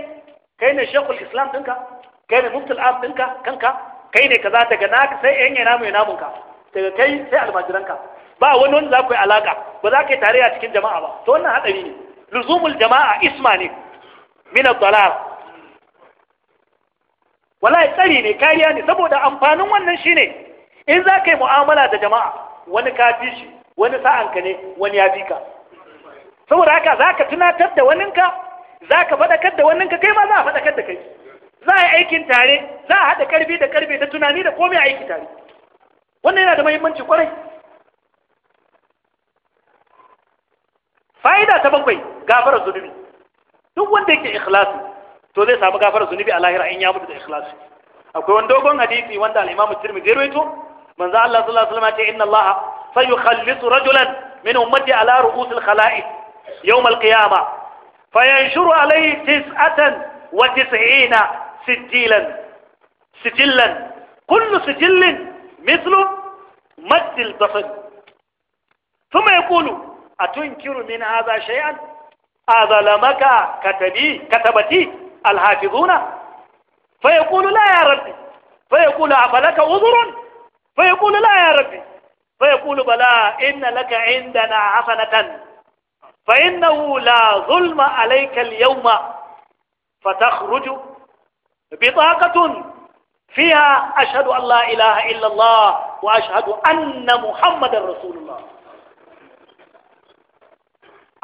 kai ne shekul islam ɗinka kai ne muftul am ɗinka kanka kai ne kaza daga naka sai yan yana mai namunka daga kai sai almajiranka ba wani wanda za ku yi alaka ba za ka yi tarayya cikin jama'a ba to wannan haɗari ne luzumul jama'a isma ne min ad-dalal wallahi tsari ne kariya ne saboda amfanin wannan shine in za ka yi mu'amala da jama'a wani ka fi shi wani sa'anka ne wani ya fi ka saboda haka za ka tunatar da waninka za ka faɗakar da wannan ka kai ma za a faɗakar da kai za a yi aikin tare za a haɗa ƙarfi da ƙarfe da tunani da komai aiki tare wannan yana da mahimmanci kwarai fa'ida ta bakwai gafarar zunubi duk wanda yake ikhlasi to zai samu gafarar zunubi a lahira in ya mutu da ikhlasi akwai wani dogon hadisi wanda al-Imam zai ya rawaito manzo Allah sallallahu alaihi wasallam ya ce inna Allah sayukhallisu rajulan min ummati ala ru'usil khala'i yawm al-qiyamah فينشر عليه تسعة وتسعين سجيلا سجلا كل سجل مثل مد البصر ثم يقول أتنكر من هذا شيئا أظلمك كتبي كتبتي الحافظون فيقول لا يا ربي فيقول أفلك عذر فيقول لا يا ربي فيقول بلى إن لك عندنا حسنة فإنه لا ظلم عليك اليوم فتخرج بطاقة فيها أشهد أن لا إله إلا الله وأشهد أن محمد رسول الله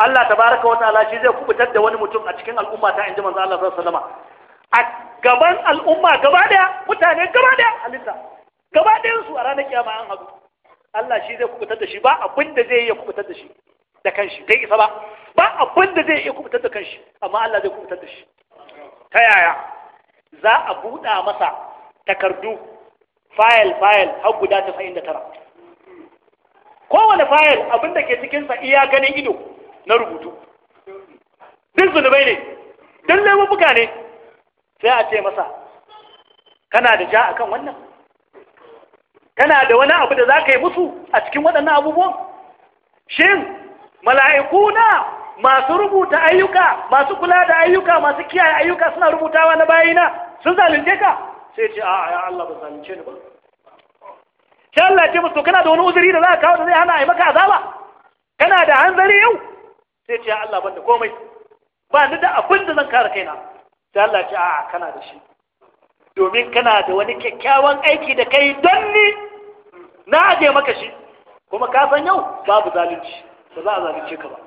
الله تبارك وتعالى شيزي أكو بتد وني متوم أتكين الأمة تا عند الله صلى الله أكبر الأمة كبادة متاني كبادة حليسا كبادة سوارانك يا ما أنهب الله شيزي أكو بتد شبا أبند زي أكو بتد شبا da kanshi kai isa ba ba abin da zai iya kubutar da kanshi amma Allah zai kubutar da shi ta yaya za a buɗa masa takardu fayil fayil har guda tasa'in da tara kowane fayil abin da ke cikinsa iya ganin ido na rubutu duk zunubai ne don laifuka ne sai a ce masa kana da ja akan wannan kana da wani abu da za ka yi musu a cikin waɗannan abubuwan shin mala'ikuna masu rubuta ayyuka masu kula da ayyuka masu kiyaye ayyuka suna rubutawa na bayina sun zalunce ka sai ce a ya Allah ba zalunce ni ba sai Allah ce musu kana da wani uzuri da za ka kawo da zai hana a yi maka azaba kana da hanzari yau sai ce ya Allah ban da komai ba ni da abin da zan kare kaina sai Allah ce a kana da shi domin kana da wani kyakkyawan aiki da kai don ni na aje maka shi kuma ka san yau babu zalunci ba za a zalunce ka ba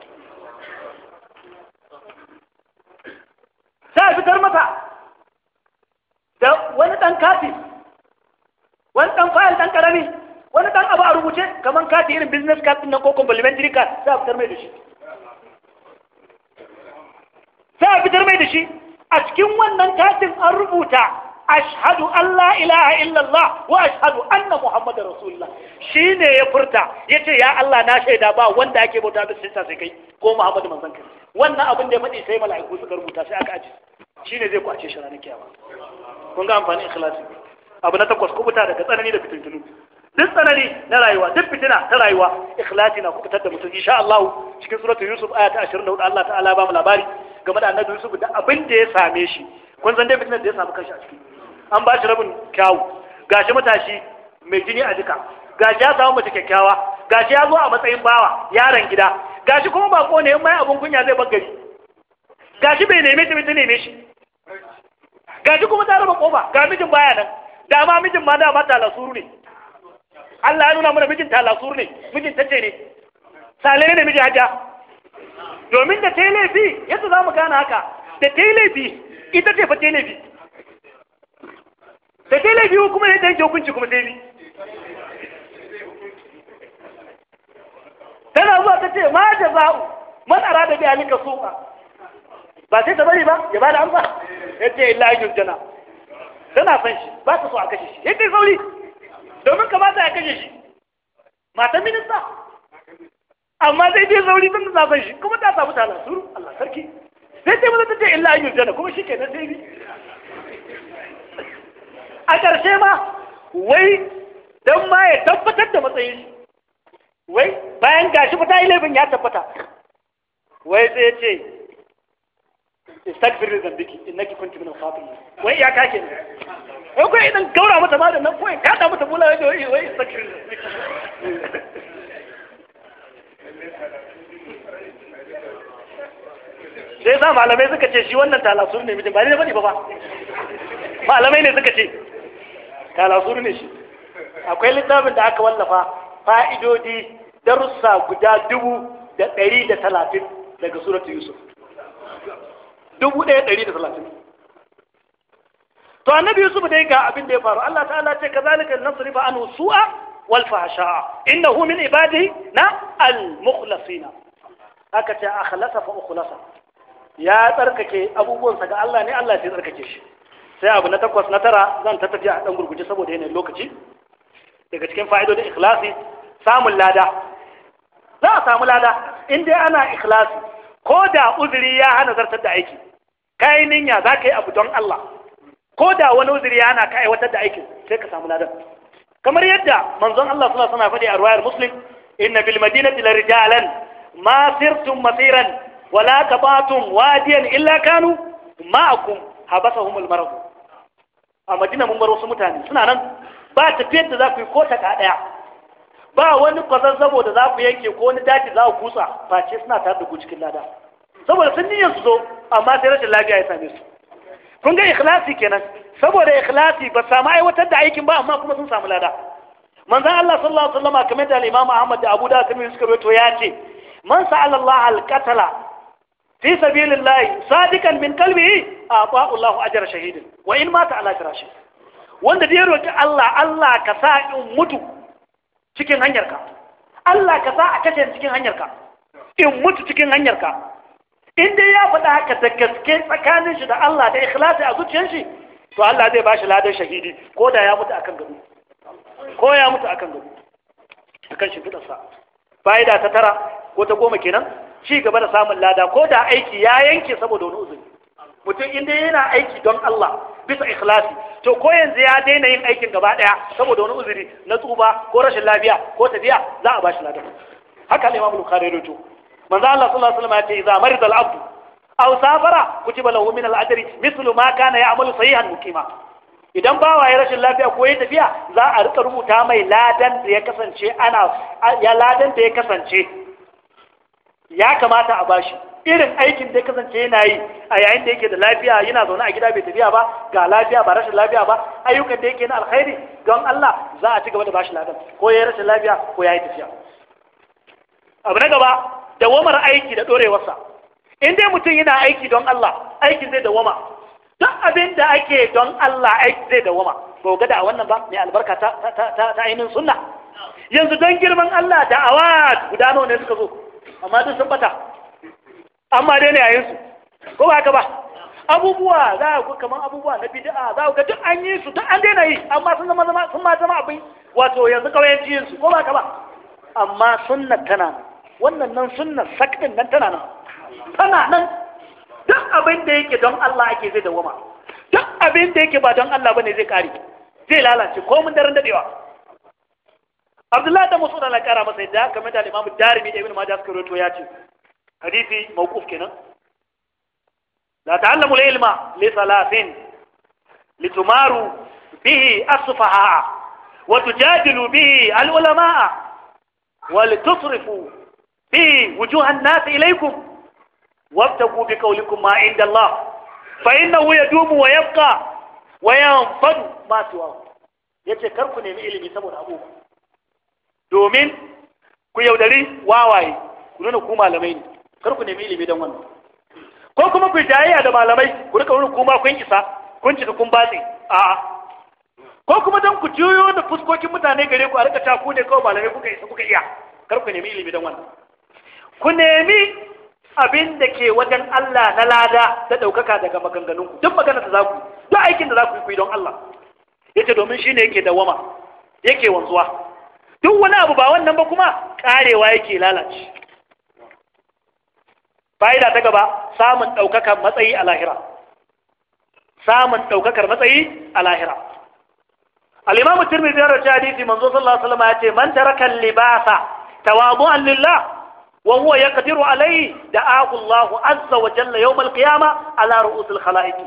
sai a fitar mata da wani ɗan kati wani ɗan fayil ɗan ƙarami wani ɗan abu a rubuce kamar kati irin business card nan ko complementary card sai a fitar mai da shi sai a fitar mai da shi a cikin wannan katin an rubuta ashhadu an la ilaha illallah wa ashhadu anna muhammadar rasulullah shine ya furta yace ya Allah na shaida ba wanda ake bauta a sinta sai kai ko muhammadu manzon kai wannan abin da ya faɗi sai mala'iku suka rubuta sai aka aje shine zai kwace shi ranar kiyama kun ga amfani ikhlasi abu na takwas kubuta daga tsanani da fitintunu duk tsanani na rayuwa duk fitina ta rayuwa ikhlasi na kubutar da mutum insha Allah cikin suratul yusuf aya ta 24 Allah ta'ala ba mu labari game da annabi yusuf da abin da ya same shi kun san dai fitinar da ya samu kanshi a cikin. an ba shi rabin kyawu Ga shi matashi mai jini a jika shi ya samu mace kyakkyawa Ga shi ya zo a matsayin bawa yaron gida Ga shi kuma bako ne in mai abun kunya zai gari. Ga shi bai neme shi bai neme shi Ga shi kuma ta raba kofa ga mijin baya nan dama mijin ma dama talasuru ne Allah ya nuna mana mijin talasuru ne mijin tace ne sale ne mijin hajja domin da ta yi laifi yadda za mu gane haka da ta yi laifi ita ce fa ta yi laifi da kai laifi kuma ne ta yanke hukunci kuma sai ni tana zuwa ta ce ma da za'u man arada bi alika su'a ba sai ta bari ba ya bada amsa ya ce illa yujjana tana san shi ba ta so a kashe shi yadda sauri domin kamata ya kashe shi mata minista amma zai je sauri tun da san shi kuma ta samu ta Allah sarki sai sai mazata ta illa yujjana kuma shi kenan sai bi a ƙarshe ma wai don ma ya tabbatar da matsayin wai bayan gashi fita yi laifin ya tabbata wai sai ce istagfir da zambiki innaki kunti min al wai ya kake ne wai kai idan gaura mata ba da nan kuwa ka ta mata bula wai wai istagfir sai za malamai suka ce shi wannan talasur ne mijin ba ne bane ba ba malamai ne suka ce kalasuru ne shi akwai littafin da aka wallafa fa'idodi darussa guda dubu da ɗari da talatin daga suratu yusuf dubu ɗaya ɗari da talatin to annabi yusuf dai ga abin da ya faru Allah ta'ala ce kazalika nasrifa anhu su'a wal fahsha'a innahu min ibadi na al mukhlasina aka ce akhlasa fa ukhlasa ya tsarkake abubuwansa ga Allah ne Allah ya tsarkake shi sai abu na takwas na tara zan ta tafi a ɗan gurguje saboda yanayin lokaci daga cikin fa'idodin ikhlasi samun lada za a samu lada in dai ana ikhlasi ko da uzuri ya hana zartar da aiki kai ninya za ka yi abu don Allah ko da wani uzuri ya hana ka aiwatar da aikin sai ka samu lada. kamar yadda manzon Allah suna sana faɗi a ruwayar muslim inna bil madinati larijalan ma sirtum masiran wala tabatum wadiyan illa kanu ma'akum habasahum al a madina mun bar wasu mutane suna nan ba tafiyar da za ku yi ko ta ɗaya ba wani kwazon saboda za ku yanke ko wani daji za ku kusa face suna tare da cikin lada saboda sun niyyar su zo amma sai rashin lafiya ya same su kun ga ikhlasi kenan saboda ikhlasi ba samu aiwatar da aikin ba amma kuma sun samu lada manzon Allah sallallahu alaihi wasallam kamar da al Ahmad da Abu Dawud kamar suka rawaito ya ce man sa'ala Allah al fi sabilillahi sadikan min qalbihi ata'u Allahu ajra shahidin wa in mata ala firashi wanda da ya roki Allah Allah ka sa in mutu cikin hanyarka Allah ka sa a kace cikin hanyarka in mutu cikin hanyarka in dai ya faɗa haka da gaske tsakanin shi da Allah da ikhlasi a zuciyar shi to Allah zai bashi shi ladan shahidi ko da ya mutu akan gado ko ya mutu akan gado akan shi fitarsa fa'ida ta tara ko ta goma kenan ci gaba da samun lada ko da aiki ya yanke saboda wani uzuri mutum inda yana aiki don Allah bisa ikhlasi to ko yanzu ya daina yin aikin gaba daya saboda wani uzuri na tsuba ko rashin lafiya ko tafiya za a bashi lada haka ne Imam Bukhari rawaito manzo Allah sallallahu alaihi wasallam ya ce idza marida al Ausa aw safara kutiba lahu min al-ajri mithlu ma kana ya'malu sahihan muqima idan bawa ya rashin lafiya ko ya tafiya za a rika rubuta mai ladan da ya kasance ana ya ladan da ya kasance ya kamata a bashi irin aikin da ya kasance yana yi a yayin da yake da lafiya yana zaune a gida bai tafiya ba ga lafiya ba rashin lafiya ba ayyukan da yake na alkhairi don Allah za a ci gaba da bashi ladan ko ya rashin lafiya ko ya yi tafiya abu na gaba dawamar aiki da dorewarsa in dai mutum yana aiki don Allah aikin zai dawama duk abin da ake don Allah aiki zai dawama ba ga da a wannan ba mai albarka ta ainihin sunna yanzu don girman Allah da guda nawa ne suka zo amma duk sun bata amma dai ne a yin su ko ba ka ba abubuwa za a ku kamar abubuwa na bid'a za ku ga duk an yi su duk an daina yi amma sun zama zama sun ma zama abin wato yanzu kawai ji yin su ko ba ka ba amma sunna tana wannan nan sunna sakin nan tana nan tana nan duk abin da yake don Allah ake zai dawama duk abin da yake ba don Allah bane zai kare zai lalace ko mun daren dadewa abdullahi da mas'ud Allah kara masa yadda kamar da al-imam darimi da ibn majah suka rawaito ya ce hadisi mawquf kenan la ta'allamu al-ilma li salatin litumaru bihi as-sufaha wa tujadilu bihi al-ulama wa litusrifu bihi wujuha an-nas ilaykum وابتغوا بقولكم ما عند الله فإنه يدوم ويبقى وينفد ما سواه yace kar ku nemi ilimi saboda abubuwa domin ku yaudari wawaye ku nuna ku malamai ne kar ku nemi ilimi don wannan ko kuma ku jayayya da malamai ku rika wurin kuma kun isa kun cika kun batse a'a ko kuma don ku juyo da fuskokin mutane gare ku a rika ta ku ne kawai malamai kuka isa kuka iya kar ku nemi ilimi don wannan ku nemi abin da ke wajen Allah na lada da ɗaukaka daga maganganunku duk magana da za ku duk aikin da za ku yi don Allah yace domin shine yake dawama yake wanzuwa duk wani abu ba wannan ba kuma karewa yake lalace fa'ida ta gaba samun ɗaukakar matsayi a lahira samun ɗaukakar matsayi a lahira al-imam tirmidhi hadisi manzo sallallahu alaihi wasallam ya ce man taraka libasa tawadu'an lillah wa huwa yaqdiru alayhi da'ahu Allah azza wa jalla yawm al-qiyamah ala ru'us khalaiq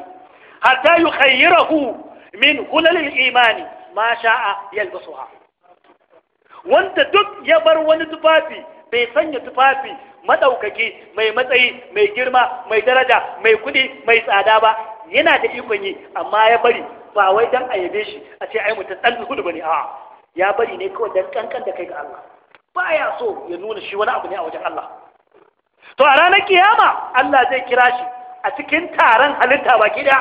hatta yukhayyirahu min hulal al-iman ma sha'a yalbasuha wanda duk ya bar wani tufafi bai sanya tufafi maɗaukaki mai matsayi mai girma mai daraja mai kuɗi, mai tsada ba yana da ikon yi amma ya bari ba wai dan a yabe shi a ce ai mutum dan ba bane a'a ya bari ne kawai dan kankan da kai ga Allah baya so ya nuna shi wani abu ne a wajen Allah to a ranar kiyama Allah zai kira shi a cikin taron halitta baki daya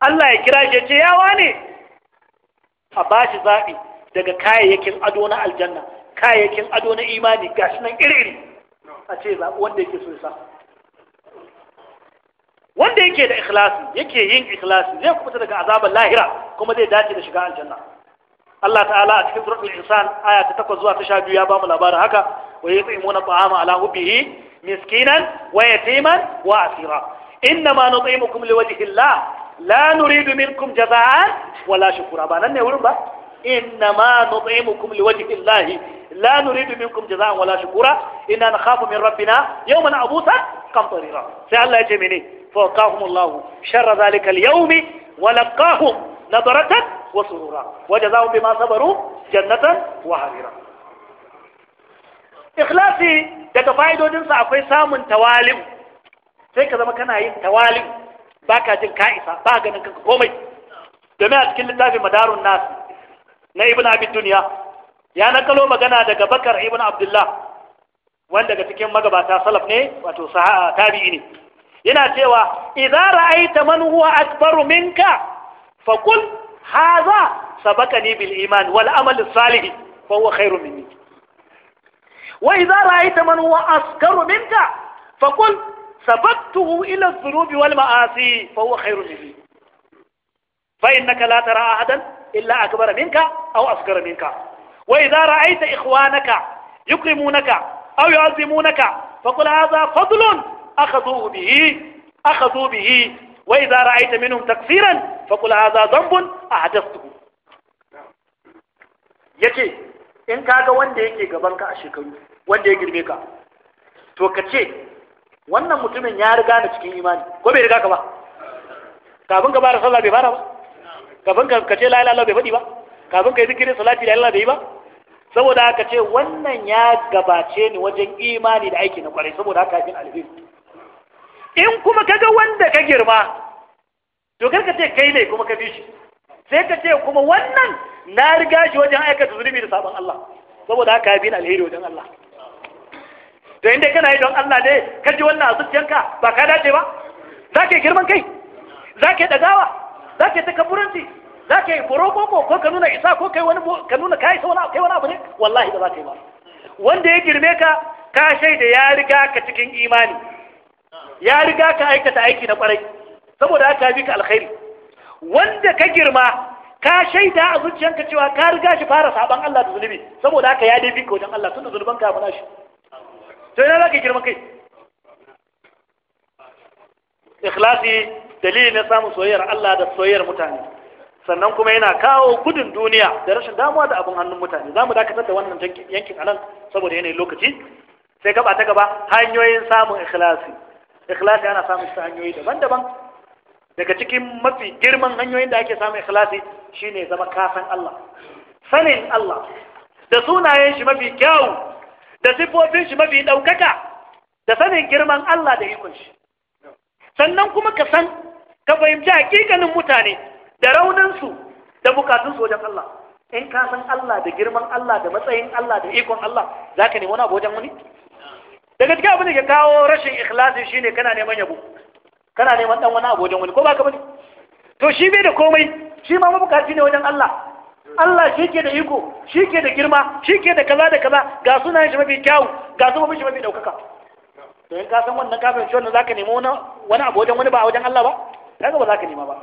Allah ya kira shi ya ce yawa ne a bashi zaɓi daga kayayyakin ado na aljanna kayayyakin ado na imani gashi nan iri-iri a ce ba wanda yake so ya sa wanda yake da ikhlasi yake yin ikhlasi zai kubuta daga azabar lahira kuma zai dace da shiga aljanna Allah ta'ala a cikin suratul insan aya ta 8 zuwa ta 12 ya ba mu labarin haka wa yut'imuna ta'ama ala hubbihi miskinan wa yatiman wa asira inna ma nut'imukum liwajhi Allah la nuridu minkum jaza'an wala shukura ba nan ne wurin ba إنما نطعمكم لوجه الله لا نريد منكم جزاء ولا شكورا إنا نخاف من ربنا يوما عبوسا قمطريرا سأل الله جميني فوقاهم الله شر ذلك اليوم ولقاهم نظرة وسرورا وجزاهم بما صبروا جنة وحريرا إخلاصي daga fa'idodinsa akwai samun tawalim sai ka zama kana yin tawalim ba ka jin ka'isa ba ganin kanka komai domin a cikin littafin madarun nasu na ibn abi dunya ya nakalo magana daga bakar ibn abdullah wanda ga cikin magabata salaf ne wato sahaba tabi'i ne yana cewa idza ra'aita man huwa akbaru minka fa qul hadha sabaqani bil iman wal amal salih fa huwa khairu minni wa idza ra'aita man huwa askaru minka fa qul wal ma'asi fa huwa khairu minni fa innaka la tara ahadan illa akbara minka aw asghara minka wa naka ra'aita ikhwanaka yuqimunaka aw yu'azzimunaka faqul hadha fadlun akhadhuhu bihi akhadhu bihi wa idza ra'aita minhum takfiran faqul hadha dhanbun ahdathuhu yace in kaga wanda yake gaban ka a shekaru wanda ya girme ka to ka wannan mutumin ya riga ni cikin imani ko bai riga ka ba kafin sallah bai ba kafin ka ce la ilaha bai faɗi ba kafin ka yi zikirin salati la'ila ilaha bai ba saboda haka ce wannan ya gabace ni wajen imani da aiki na kwarai saboda haka kafin alheri in kuma kaga wanda ka girma to kar ka ce kai ne kuma ka bi shi sai ka ce kuma wannan na riga shi wajen aikata zunubi da sabon Allah saboda haka bin alheri wajen Allah to inda kana yi don Allah ne ka ji wannan a zuciyanka ba ka dace ba za ka girman kai za ka dagawa za ka yi kaburanci za ka yi foro ko ko ka nuna isa ko kai wani ka nuna sa wani kai wani abu ne wallahi ba za ka yi ba wanda ya girme ka ka shaida ya riga ka cikin imani ya riga ka aikata aiki na kwarai saboda haka bi ka alkhairi wanda ka girma ka shaida a zuciyanka cewa ka riga shi fara saban Allah da zunubi saboda haka ya dai bi ka wajen Allah tunda zunuban ka ya shi to ina za ka girma kai ikhlasi dalili na samun soyayyar Allah da soyayyar mutane sannan kuma yana kawo gudun duniya da rashin damuwa da abin hannun mutane za mu dakatar da wannan yankin nan saboda yanayin lokaci sai gaba ta gaba hanyoyin samun ikhlasi ikhlasi ana samun shi ta hanyoyi daban-daban daga cikin mafi girman hanyoyin da ake samun ikhlasi shine zama kasan Allah sanin Allah da sunayen shi mafi kyau da siffofin shi mafi ɗaukaka da sanin girman Allah da ikon shi sannan kuma ka san ka fahimci hakikanin mutane da raunansu da bukatunsu wajen Allah in ka san Allah da girman Allah da matsayin Allah da ikon Allah za ka nemi wani abu wajen wani daga cikin abin da ke kawo rashin ikhlasi shine kana neman yabo kana neman dan wani abu wajen wani ko ba ka bane to shi bai da komai shi ma mabukaci ne wajen Allah Allah shi ke da iko shi ke da girma shi ke da kaza da kaza ga sunan shi mafi kyau, ga sunan shi mafi ɗaukaka to in ka san wannan kafin shi wannan zaka nemi wani abu wajen wani ba a wajen Allah ba kaga ba zaka nema ba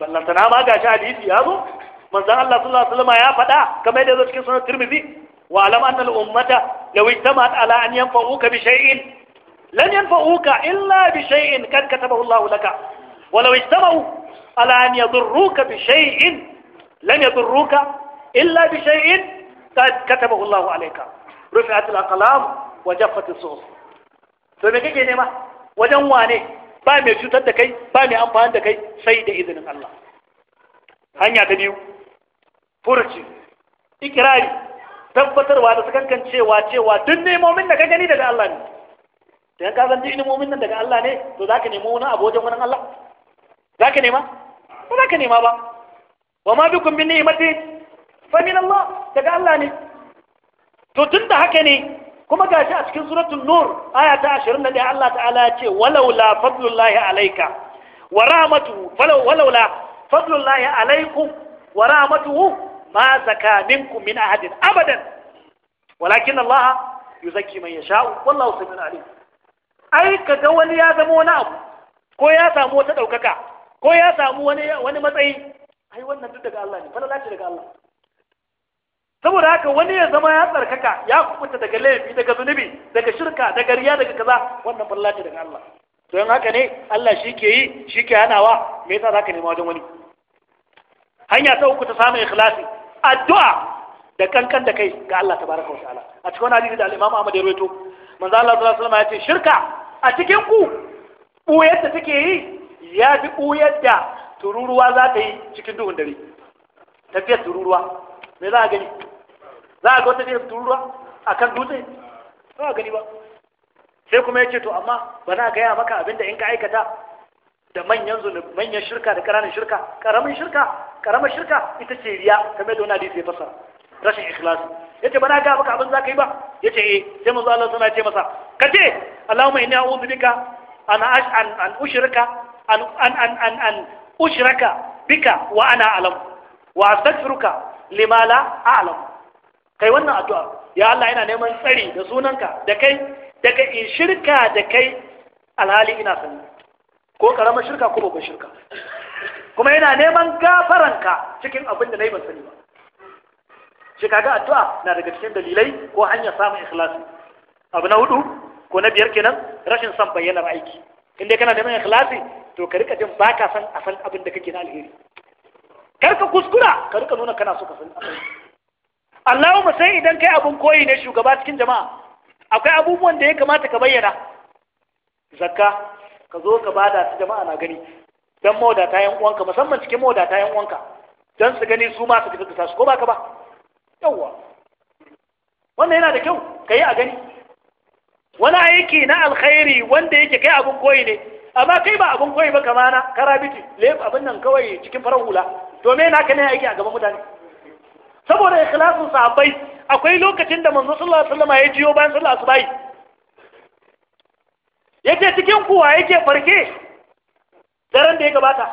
ballantana ma ga shi hadisi ya zo manzon Allah sallallahu alaihi wasallam ya faɗa kamar yadda ya zo cikin sunan Tirmidhi wa alam anna al ummata law ijtama'at ala an yanfa'uka bi shay'in lan yanfa'uka illa bi shay'in kad katabahu Allah laka wa law ijtama'u ala an yadurruka bi shay'in lan yadurruka illa bi shay'in قد كتبه الله عليك رفعت الأقلام wa jaffati suhuf to me kake nema wajen wane ba mai cutar da kai ba mai amfani da kai sai da izinin Allah hanya ta biyu furci ikirari tabbatarwa da sakankan cewa cewa duk nemomin da ka gani daga Allah ne dan ka san duk mumin nan daga Allah ne to zaka nemo wani abu wajen wani Allah zaka nema ba zaka nema ba wa ma bikum min ni'mati fa min Allah daga Allah ne to tunda haka ne kuma gashi a cikin suratul nur aya ta ashirin 21 Allah ta'ala ya ce walaula fadlullahi alayka wa rahmatuhu walaula fadlullahi alaikum, wa rahmatuhu ma zaka minkum min ahadin abadan walakin Allah yuzakki man yasha'u wallahu samiun alim ai ka ga wani ya zama wani abu ko ya samu wata daukaka ko ya samu wani wani matsayi ai wannan duk daga Allah ne falala ce daga Allah saboda haka wani ya zama ya tsarkaka ya kubuta daga laifi daga zunubi daga shirka daga riya daga kaza wannan falla ce daga Allah to in haka ne Allah shi ke yi shi ke hanawa me yasa zaka nema wajen wani hanya ta uku ta samun ikhlasi addu'a da kankan da kai ga Allah tabaraka wa ta'ala a cikin hadisi da al-Imam Ahmad ya rawaito manzo Allah sallallahu alaihi wasallam ya ce shirka a cikin ku buyar da take yi ya fi buyar da tururuwa za ta yi cikin duhun dare tafiyar tururuwa me za a gani za a ga wata ne tururuwa a kan dutse ba a gani ba sai kuma ya ce to amma ba a gaya maka abinda in ka aikata da manyan zunubi manyan shirka da ƙaramin shirka ƙaramin shirka ƙaramar shirka ita ce riya kamar da wani hadisi ya fasa rashin ikhlasi ce ba a gaya maka abin za ka yi ba ya ce eh sai manzo Allah sana ce masa ka ce Allahumma inni a'udhu bika an an an an an an an bika wa ana alam wa astaghfiruka lima la a'lam kai wannan addu'a ya Allah yana neman tsari da sunanka da kai daga in shirka da kai alhali ina sani ko karama shirka ko babban shirka kuma yana neman gafaranka cikin abin da na yi ban sani ba shi kaga addu'a na daga cikin dalilai ko hanyar samun ikhlasi abu na hudu ko na biyar kenan rashin son bayyanar aiki inda kana neman ikhlasi to ka rika jin baka san a abin da kake na alheri kar ka kuskura ka rika nuna kana so ka san abin Allahumma sai idan kai abun koyi ne shugaba cikin jama'a akwai abubuwan da ya kamata ka bayyana zakka ka zo ka bada su jama'a na gani dan ta yan uwanka musamman cikin ta yan uwanka dan su gani su ma su fita su ko ba ka ba yawa wannan yana da kyau kai a gani wani aiki na alkhairi wanda yake kai abun koyi ne amma kai ba abun koyi ba kamana karabiti lef abin nan kawai cikin farar hula to me na ka ne aiki a gaban mutane saboda ikhlasin sahabbai akwai lokacin da manzo sallallahu alaihi wasallam ya jiyo bayan sallar asubai yace cikin kuwa yake farke daren da ya gabata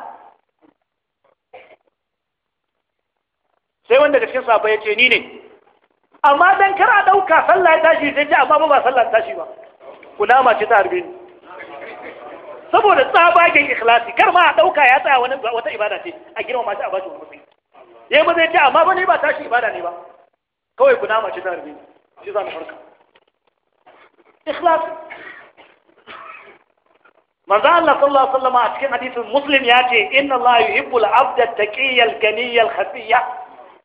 sai wanda da cikin sahabbai yace ni ne amma dan kar a dauka sallah tashi sai ji amma ba sallah tashi ba ma ce ta harbe ni saboda tsabagen ikhlasi kar ma a dauka ya tsaya wani wata ibada ce a girma ma ta a bashi wani ya ba zai ce amma ba ne ba tashi ibada ne ba kawai ku nama ci ta shi za mu farka ikhlas manzo Allah sallallahu alaihi wasallam a cikin hadisin muslim ya ce inna Allah yuhibbu al-abda at ganiyar al-ganiyya al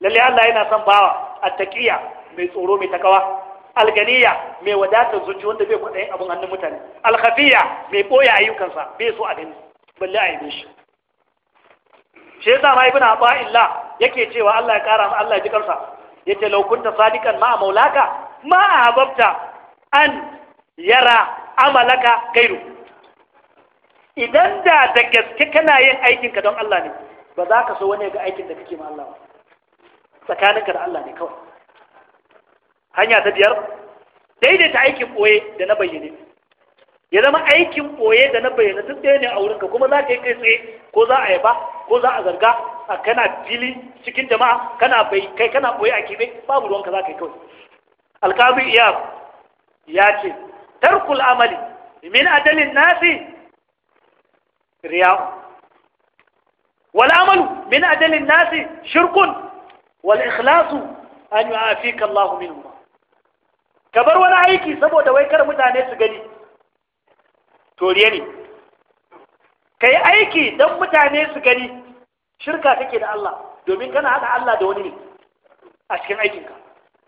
lalle Allah yana son bawa at-taqiyya mai tsoro mai takawa al-ganiyya mai wadatar zuci wanda bai kwaɗayin abin hannun mutane al-khafiyya mai boye ayyukansa bai so a gani balle a yi shi shi yasa ma ibnu aba'illah yake cewa Allah ya kara Allah ya ji kansa yace law kunta sadiqan ma maulaka ma ahbabta an yara amalaka gairu idan da da gaske kana yin aikin ka don Allah ne ba za ka so wani ga aikin da kake ma Allah ba tsakaninka da Allah ne kawai hanya ta biyar daidaita aikin ɓoye da na bayyane ya zama aikin ɓoye da na bayyana duk ɗaya ne a wurinka kuma za ka yi kai tsaye ko za a yaba ko za a zarga a kana fili cikin jama'a kana bai kai kana ɓoye a kebe babu ruwanka za ka yi kawai alƙazi iya ya ce tarkul amali min adalin nasi riya wal amalu min adalin nasi shirkun wal ikhlasu an yu'afika Allahu minhu ka bar wani aiki saboda wai kar mutane su gani toriye ne ka yi aiki don mutane su gani shirka take da Allah domin kana haɗa Allah da wani ne a cikin aikinka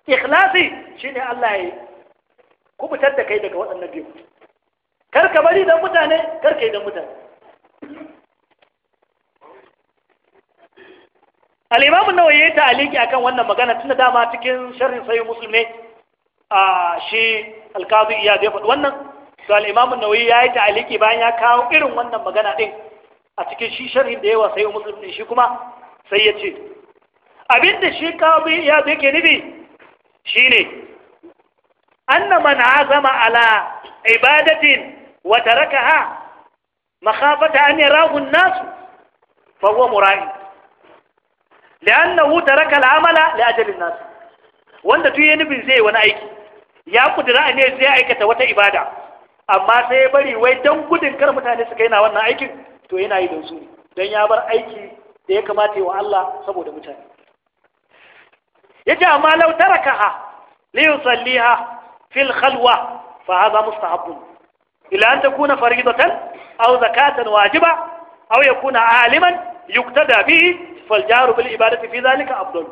ikhlasi ne Allah ya kubutar da kai daga waɗannan biyu kar ka bari don mutane kar ka yi don mutane al'imamun nawa ya yi ta'aliki akan wannan magana da dama cikin sharrin sayi Musulmi? a shi al iya iyad ya faɗi wannan to al-Imam an-Nawawi ta'aliki bayan ya kawo irin wannan magana din a cikin shi sharhin da yawa sai Muslim din shi kuma sai ya ce abinda shi kawo ya yake nufi shine anna man azama ala ibadatin wa tarakaha makhafata an yarahu an-nas fa huwa mura'i li'annahu taraka al-amala li'ajli an-nas wanda yi nufin zai wani aiki ya kudura ne zai aikata wata ibada amma sai ya bari wai don gudun kar mutane su kaina wannan aikin to yana yi don su ne don ya bar aiki da ya kamata yi wa Allah saboda mutane ya ce amma lau ha li yusalliha fil khalwa fa hadha mustahabbun ila an takuna faridatan aw zakatan wajiba aw yakuna aliman yuktada bihi fal jaru bil ibadati fi zalika afdal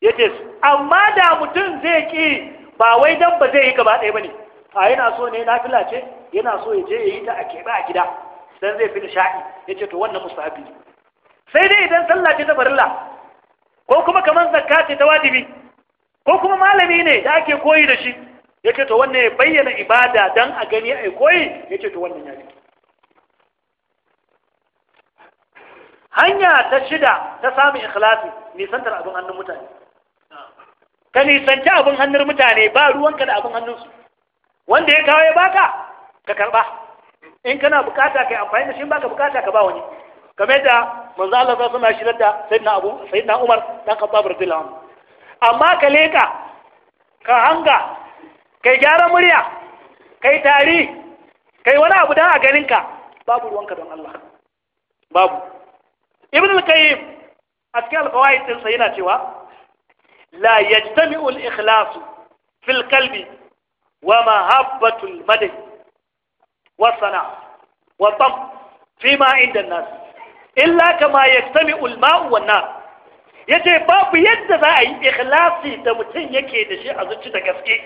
yace amma da mutum zai ki ba wai dan ba zai yi gaba ɗaya bane a yana so ne nafila ce yana so ya je ya yi ta a keɓe a gida don zai fi nishaɗi ya ce to wannan musu abin sai dai idan sallah ce ta barilla ko kuma kamar zakka ce ta wajibi ko kuma malami ne da ake koyi da shi ya ce to wannan ya bayyana ibada don a gani a koyi ya ce to wannan ya hanya ta shida ta samun ikhlasi nisantar abin hannun mutane ka nisanci abin hannun mutane ba ruwanka da abin hannunsu wanda ya kawo ya baka ka karba in kana bukata kai amfani da shi baka bukata ka ba wani kamar da manzo Allah ya sama shi da sayyidina Abu sayyidina Umar dan Khattab radiyallahu anhu amma ka leka ka hanga kai gyara murya kai tari kai wani abu dan a ganin ka babu ruwanka don Allah babu ibn al-qayyim a cikin al-fawaid din sa yana cewa la yajtami'u al-ikhlasu fil qalbi wa mahabbatul madai wa wa tam fi ma inda nas illa kama yastami'u al-ma'u yace babu yadda za a yi ikhlasi da mutum yake da shi a zuci da gaske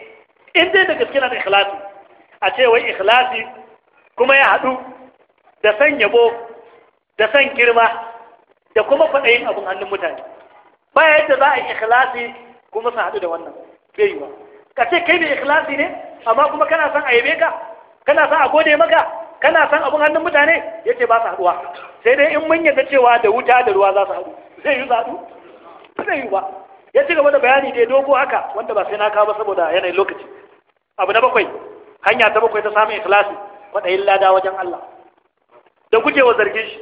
in dai da gaske na da ikhlasi a ce wai ikhlasi kuma ya haɗu da san yabo da san girma da kuma kwaɗayin abin hannun mutane ba yadda za a yi ikhlasi kuma su haɗu da wannan bai yi ka ce kai mai ikhlasi ne amma kuma kana son a ka kana son a gode maka kana son abun hannun mutane yace ba su haduwa sai dai in mun yarda cewa da wuta da ruwa za su haɗu zai yi zaɗu zai yi ba ya ci gaba da bayani dai dogo haka wanda ba sai na kawo ba saboda yanayin lokaci abu na bakwai hanya ta bakwai ta samun ikhlasi kwaɗayin lada wajen Allah da gujewa zargin shi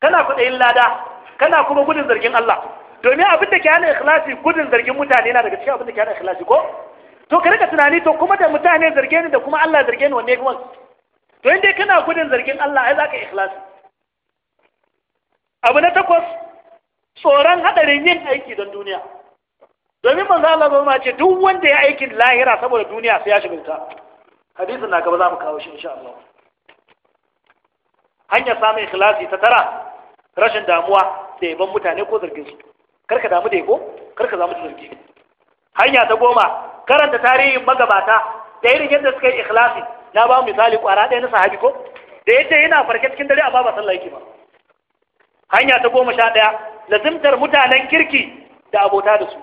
kana kwaɗayin lada kana kuma gudun zargin Allah domin abin da ke hana ikhlasi gudun zargin mutane na daga cikin abin da ke hana ikhlasi ko to ka rika tunani to kuma da mutane zarge ni da kuma Allah zarge ni wanne kuma to inda kana gudun zargin Allah ai zaka ikhlasi abu na takwas tsoron hadarin yin aiki don duniya domin manzo Allah ba ma ce duk wanda ya aikin lahira saboda duniya sai ya shiga hadisin na gaba za mu kawo shi insha Allah hanyar samun ikhlasi ta tara rashin damuwa da yaban mutane ko zargin su karka damu da yabo karka zamu da zargi hanya ta goma karanta tarihin magabata da irin yadda suka yi ikhlasi na ba misali kwara ɗaya na sahabi ko da yadda yana farke cikin dare amma ba sallah yake ba hanya ta goma sha ɗaya lazimtar mutanen kirki da abota da su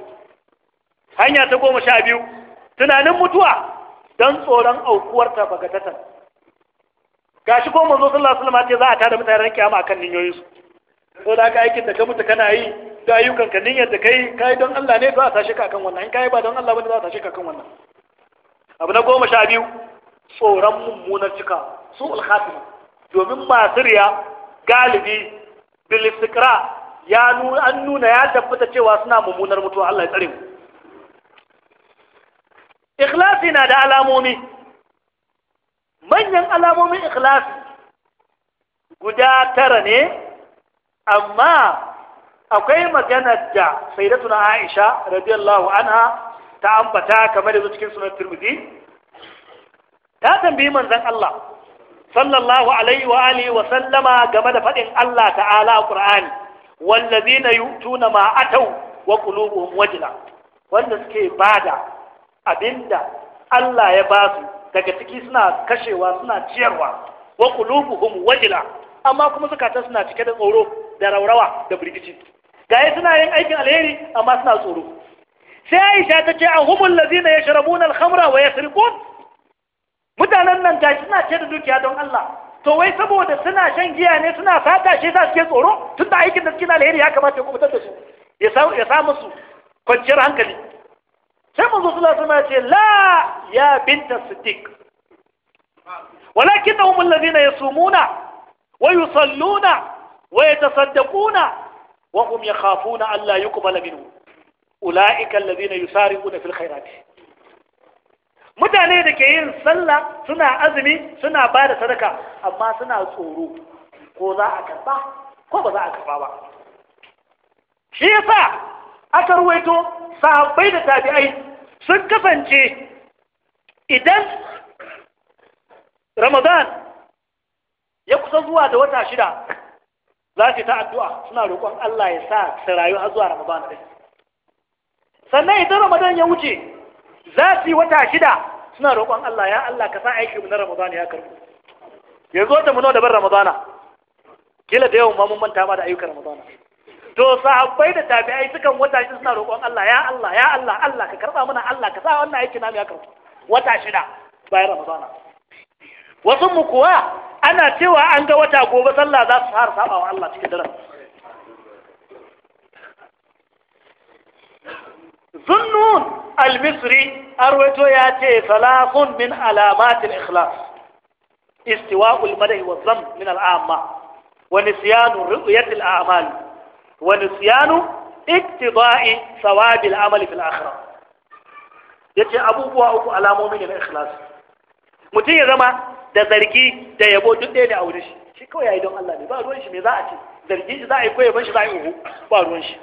hanya ta goma sha biyu tunanin mutuwa don tsoron aukuwarta bagatatan gashi ko manzo sallallahu alaihi wasallam ce za a tada mutanen kiyama akan ninyoyinsu ko da ka aikin da ka mutu kana yi da ayyukan ka niyyar da kai kai don Allah ne za a shika kan wannan in kai ba don Allah bane za a tashi ka kan wannan abu na goma sha biyu tsoron mummunar cika su alhatima domin masu riya galibi bilisikra ya nuna an nuna ya tabbata cewa suna mummunar mutuwa Allah ya tsare mu ikhlasi na da alamomi manyan alamomin ikhlasi guda tara ne amma akwai maganar da na Aisha radiyallahu anha ta ambata kamar da cikin sunan Tirmidhi ta tambayi manzon Allah sallallahu alaihi wa alihi wa sallama game da fadin Allah ta'ala a Qur'ani wallazina yu'tuna ma atau? wa qulubuhum wajla wanda suke bada abinda Allah ya basu daga ciki suna kashewa suna ciyarwa wa qulubuhum wajla amma kuma ta suna cike da tsoro da raurawa da birgici gaya suna yin aikin alheri amma suna tsoro sai aisha ta ce a humul lazina ya sharabuna alhamra wa ya mutanen nan gashi suna ce da dukiya don Allah to wai saboda suna shan giya ne suna fata shi sa suke tsoro tunda aikin da suke na alheri ya kamata ya kubutar da su ya samu su kwanciyar hankali sai manzo sallallahu alaihi wasallam ya ce la ya binta siddiq walakinnahum alladhina yasumuna wa yusalluna wa yatasaddaquna wa hum yakhafuna alla yuqbala minhu ulaika alladhina yusariquna fil khairat mutane da ke yin sallah suna azumi suna ba da sadaka amma suna tsoro ko za a karba ko ba za a karba ba shi yasa aka ruwaito sahabbai da tabi'ai sun kasance idan ramadan ya kusa zuwa da wata shida za su ta addu'a suna roƙon Allah ya sa su rayu har zuwa Ramadan ɗin sannan idan Ramadan ya wuce za su yi wata shida suna roƙon Allah ya Allah ka sa aiki na Ramadan ya karbu. yanzu wata mu da bar Ramadana kila da yawan ma mun manta ma da ayyukan Ramadana to sahabbai da tabi'ai sukan wata shida suna roƙon Allah ya Allah ya Allah Allah ka karɓa mana Allah ka sa wannan aiki na mu ya karɓu wata shida bayan Ramadana wasu mu kuwa ana cewa an ga wata gobe sallah za su fara saba wa Allah cikin daren zunnun al-misri arwato ya ce salasun min alamatin ikhlas istiwa'ul madahi wa zam min al'amma wa nisyanu ru'yatil a'mal wa nisyanu iktida'i sawabil amali fil akhirah yace abubuwa uku alamomi ne na ikhlas mutum ya zama da zargi da yabo duk ɗaya ne a wurin shi shi kawai yayi don Allah ne ba ruwan shi me za a ce zargin shi za a yi ko yabon shi za a yi uhu ba ruwan shi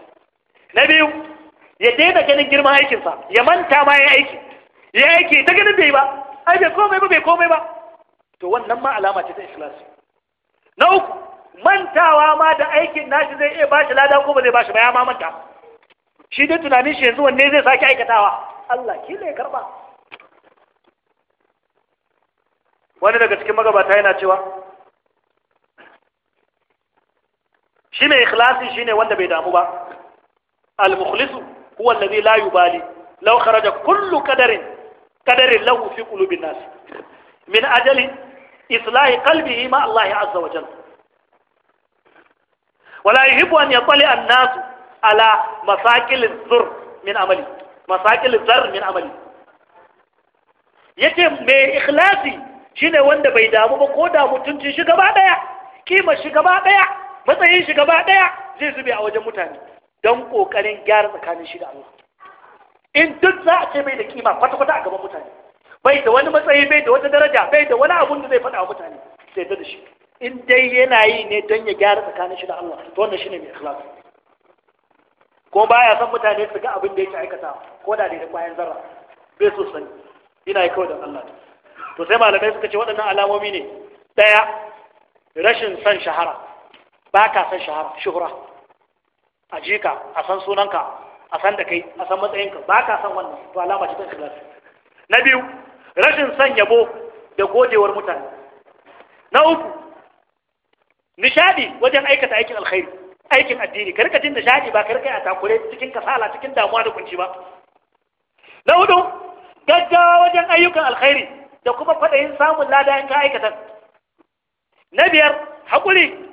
na biyu ya daina ganin girman aikinsa ya manta ma ya aiki ya aiki ta ganin bai ba ai bai komai ba bai komai ba to wannan ma alama ce ta ikhlasi na uku mantawa ma da aikin nashi zai iya bashi lada ko ba zai bashi ba ya ma manta shi dai tunanin shi yanzu wanne zai sake aikatawa Allah kila ya karba wani daga cikin magabata yana cewa shi mai ikhlasi shine wanda bai damu ba al-mukhlisu huwa alladhi la yubali law kharaja kullu qadarin qadarin lahu fi qulubin nas min ajali islahi qalbihi ma Allah azza wa jalla wala yuhibbu an yatali an-nas ala masakil az-zur min amali masakil az-zar min amali yace mai ikhlasi shine wanda bai damu ba ko da mutuncin shi gaba daya kima shi gaba daya matsayin shi gaba daya zai zube a wajen mutane don kokarin gyara tsakanin shi da Allah in duk za a ce bai da kima kwata-kwata a gaban mutane bai da wani matsayi bai da wata daraja bai da wani abun da zai faɗa wa mutane sai da shi in dai yana yi ne don ya gyara tsakanin shi da Allah to wannan shine mai ikhlas ko baya son mutane su ga abin da yake aikata ko da da kwayan zarra bai so sani ina yi kawai don Allah to sai malamai suka ce waɗannan alamomi ne ɗaya rashin son shahara ba ka son shahara shuhura a ji ka, a san sunanka a san da kai a san matsayinka ba ka son wannan to alama ce ta shiga na biyu rashin son yabo da godewar mutane na uku nishadi wajen aikata aikin alkhairi aikin addini ka rika jin nishadi ba ka rika a takure cikin kasala cikin damuwa da kunci ba na hudu gaggawa wajen ayyukan alkhairi da kuma kwaɗayin samun lada in ka aikata na biyar haƙuri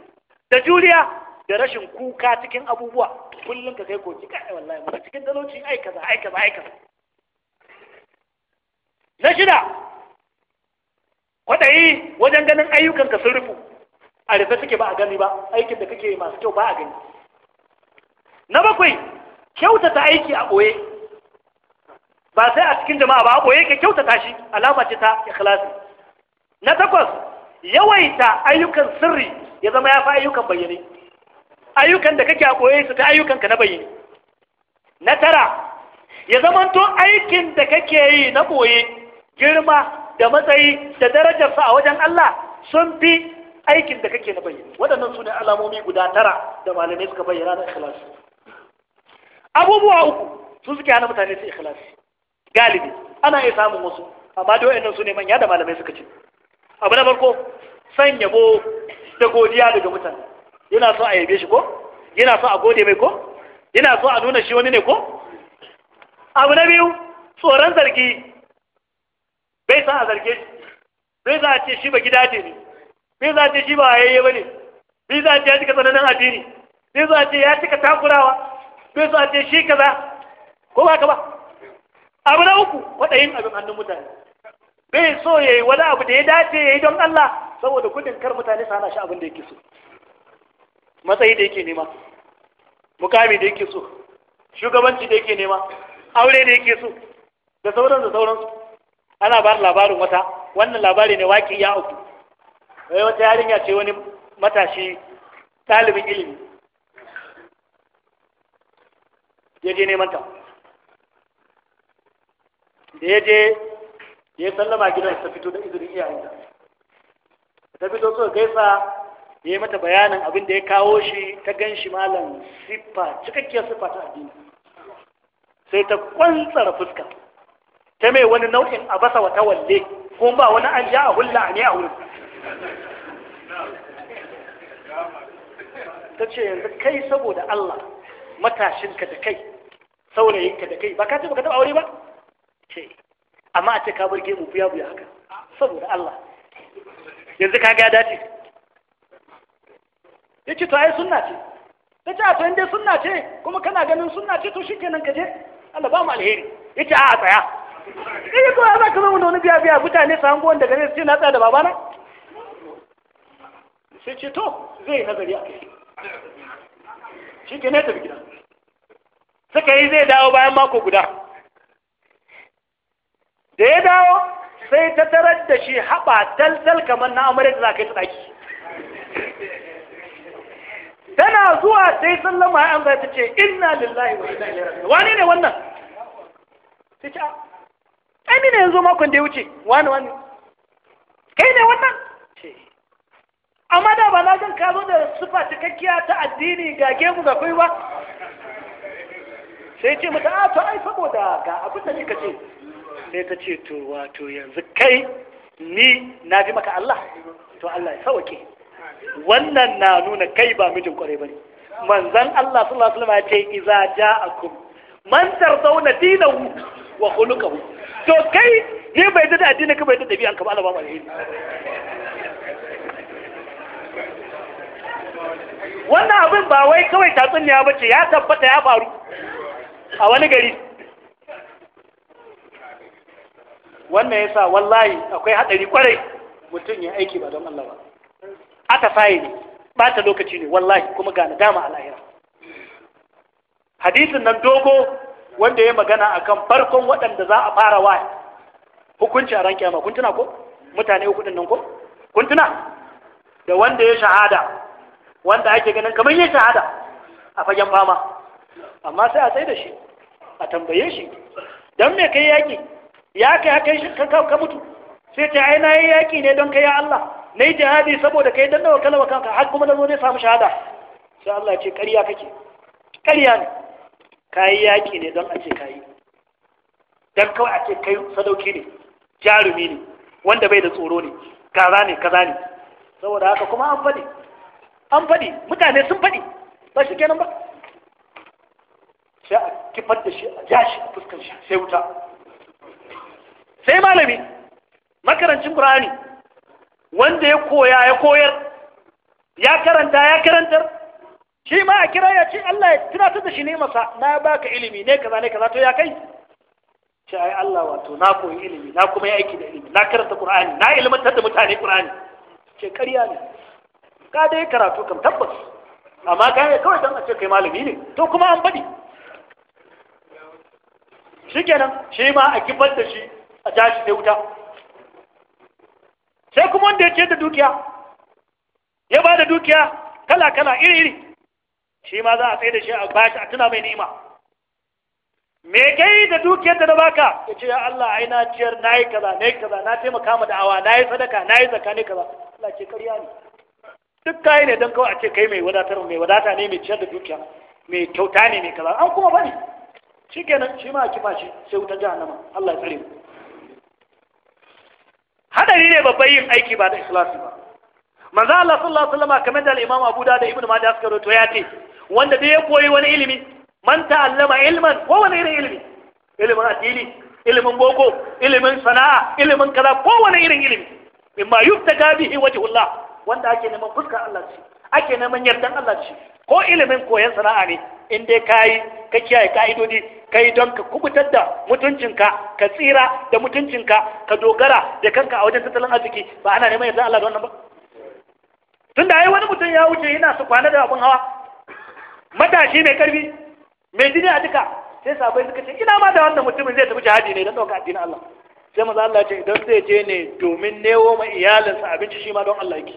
da juriya da rashin kuka cikin abubuwa kullum ka kai koki kai wallahi muna cikin talauci ai kaza ai na shida kwaɗayi wajen ganin ayyukanka sun rufu a rufe suke ba a gani ba aikin da kake masu kyau ba a gani na bakwai kyautata aiki a ɓoye ba sai a cikin jama'a ba a ɓoye ka kyautata shi alama ce ta ikhlasi na takwas yawaita ayyukan sirri ya zama ya fi ayyukan bayyane ayyukan da kake a ɓoye su ta ayyukan ka na bayyane na tara ya zama to aikin da kake yi na ɓoye girma da matsayi da darajarsa a wajen Allah sun fi aikin da kake na bayyane waɗannan su ne alamomi guda tara da malamai suka bayyana na ikhlasi abubuwa uku su suke hana mutane su ikhlasi galibi ana iya samun wasu amma da wayannan su ne manya da malamai suka ce abu na farko san yabo da godiya daga mutane yana so a yabe shi ko yana so a gode mai ko yana so a nuna shi wani ne ko abu na biyu tsoron zargi bai sa a zarge shi bai za a ce shi ba gida ce ne bai za a ce shi ba yayye ba ne bai za a ce ya cika tsananin addini bai za a ce ya cika takurawa bai za a ce shi kaza ko ba ka ba abu na uku kwaɗayin abin hannun mutane bai so ya yi wani abu da ya dace ya yi don Allah saboda kudin kar mutane su hana shi abin da yake so matsayi da yake nema mukami da yake so shugabanci da yake nema aure da yake so da sauran da sauransu ana ba labarin wata wannan labari ne waki ya uku wai wata yarinya ce wani matashi ɗalibin ilimi ya je neman ta da ya je ya sallama gidan ta fito da izinin iyayenta ta fito so gaisa ya yi mata bayanin abin da ya kawo shi ta gan shi malam siffa cikakkiyar siffa ta addini sai ta kwantsara fuska ta mai wani nau'in a abasa wata walle ko ba wani an ja a hulla ne a wurin ta ce yanzu kai saboda Allah matashinka da kai saurayinka da kai ba ka ce ba ka taɓa aure ba ce amma a ce ka bar gemu buya buya haka saboda Allah yanzu ka ga dace ya ce to ai sunna ce ta ce a to dai sunna ce kuma kana ganin sunna ce to shi kenan ka je Allah ba mu alheri ya ce a a tsaya ya ko kawai za ka zama wani biya biya mutane su hango wanda gare su ce na tsaya da babana sai ce to zai nazari a kai shi kenan ya tafi gida suka yi zai dawo bayan mako guda da ya dawo sai ta tarar da shi haɓa dalzal kamar na amarya da za ka yi ta ɗaki tana zuwa sai sallama ya amsa ta ce inna lillahi wa inna ilaihi wani ne wannan ta ce a ne yanzu makon da ya wuce wani wani kai ne wannan ce amma da ba na zan ka zo da sufa cikakkiya ta addini ga gemu ga kai ba sai ce mata a to ai saboda ga abin da kika ce sai ta ce to wato yanzu kai ni na fi maka Allah to Allah ya sauke wannan na nuna kai ba mijin kwarai bane manzon Allah sallallahu alaihi wasallam ya ce iza ja'akum man tarzauna dinahu wa khuluquhu to kai ne bai da addini ka bai da dabi'an ka ba Allah ba alheri wannan abin ba wai kawai tatsuniya bace ya tabbata ya faru a wani gari wannan yasa wallahi akwai hadari kwarai mutum ya aiki ba don Allah ba aka sai ne bata lokaci ne wallahi kuma ga nadama a lahira hadisin nan dogo wanda ya magana akan farkon waɗanda za a fara wa hukunci a ran kiyama kun tuna ko mutane uku din nan ko kun tuna da wanda ya shahada wanda ake ganin kamar ya shahada a fagen fama amma sai a sai da shi a tambaye shi don me kai yaki ya kai haka shi ka mutu sai ce aina ya yi yaƙi ne don kai ya Allah na yi jihadi saboda kai don nawa kalawa kanka har kuma na zo ne samu shahada sai Allah ce ƙarya kake ƙarya ne ka yi yaƙi ne don a ce ka yi don kawai a ce kai sadauki ne jarumi ne wanda bai da tsoro ne kaza ne kaza ne saboda haka kuma an faɗi an faɗi mutane sun faɗi ba shi kenan ba sai a kifar da shi a ja shi a fuskar shi sai wuta sai malami makarancin qur'ani wanda ya koya ya koyar ya karanta ya karantar shi ma a kira ya ce Allah ya tunatar da shi ne masa na baka ilimi ne kaza ne kaza to ya kai ce ai Allah wato na koyi ilimi na kuma yi aiki da ilimi na karanta Qur'ani na ilmantar da mutane Qur'ani ce ƙarya ne ka ya karatu kam tabbas amma ka yi kawai dan a ce kai malami ne to kuma an faɗi shikenan shi ma a kifar da shi a tashi sai wuta sai kuma wanda ya ce da dukiya ya ba da dukiya kala kala iri iri shi ma za a tsaye da shi a bashi a tuna mai ni'ima me kai da dukiyar da na baka ya ce ya Allah ai na ciyar na yi kaza na yi kaza na taimaka ma da'awa na yi sadaka na yi zaka ne kaza Allah ce karya ne duk kayi ne don kawai a ce kai mai wadatar mai wadata ne mai ciyar da dukiya mai kyauta ne mai kaza an kuma bane shikenan shi ma a kima shi sai wutar jahannama Allah ya tsare mu hadari ne babban yin aiki ba da ikhlasi ba manzo Allah sallallahu alaihi wasallam kamar da al-Imam Abu Dawud da Ibn Majah suka rawaito ya ce wanda da ya koyi wani ilimi man ta'allama ilman ko wani irin ilimi ilimin addini ilimin boko ilimin sana'a ilimin kaza ko wani irin ilimi mimma yubtaga bihi wajhullah wanda ake neman fuskar Allah ce ake neman yardan Allah ce ko ilimin koyon sana'a ne in dai kayi ka kiyaye ka'idodi ka yi don ka kubutar da mutuncinka ka tsira da mutuncinka ka dogara da kanka a wajen tattalin arziki ba ana neman yanzu Allah da wannan ba tun da ai wani mutum ya wuce yana su kwana da abin hawa matashi mai karfi mai jini a duka sai sabai suka ce ina ma da wannan mutumin zai tafi jihadi ne don ɗauka addinin Allah sai maza Allah ce idan zai je ne domin nemo ma iyalinsa abinci shi ma don Allah yake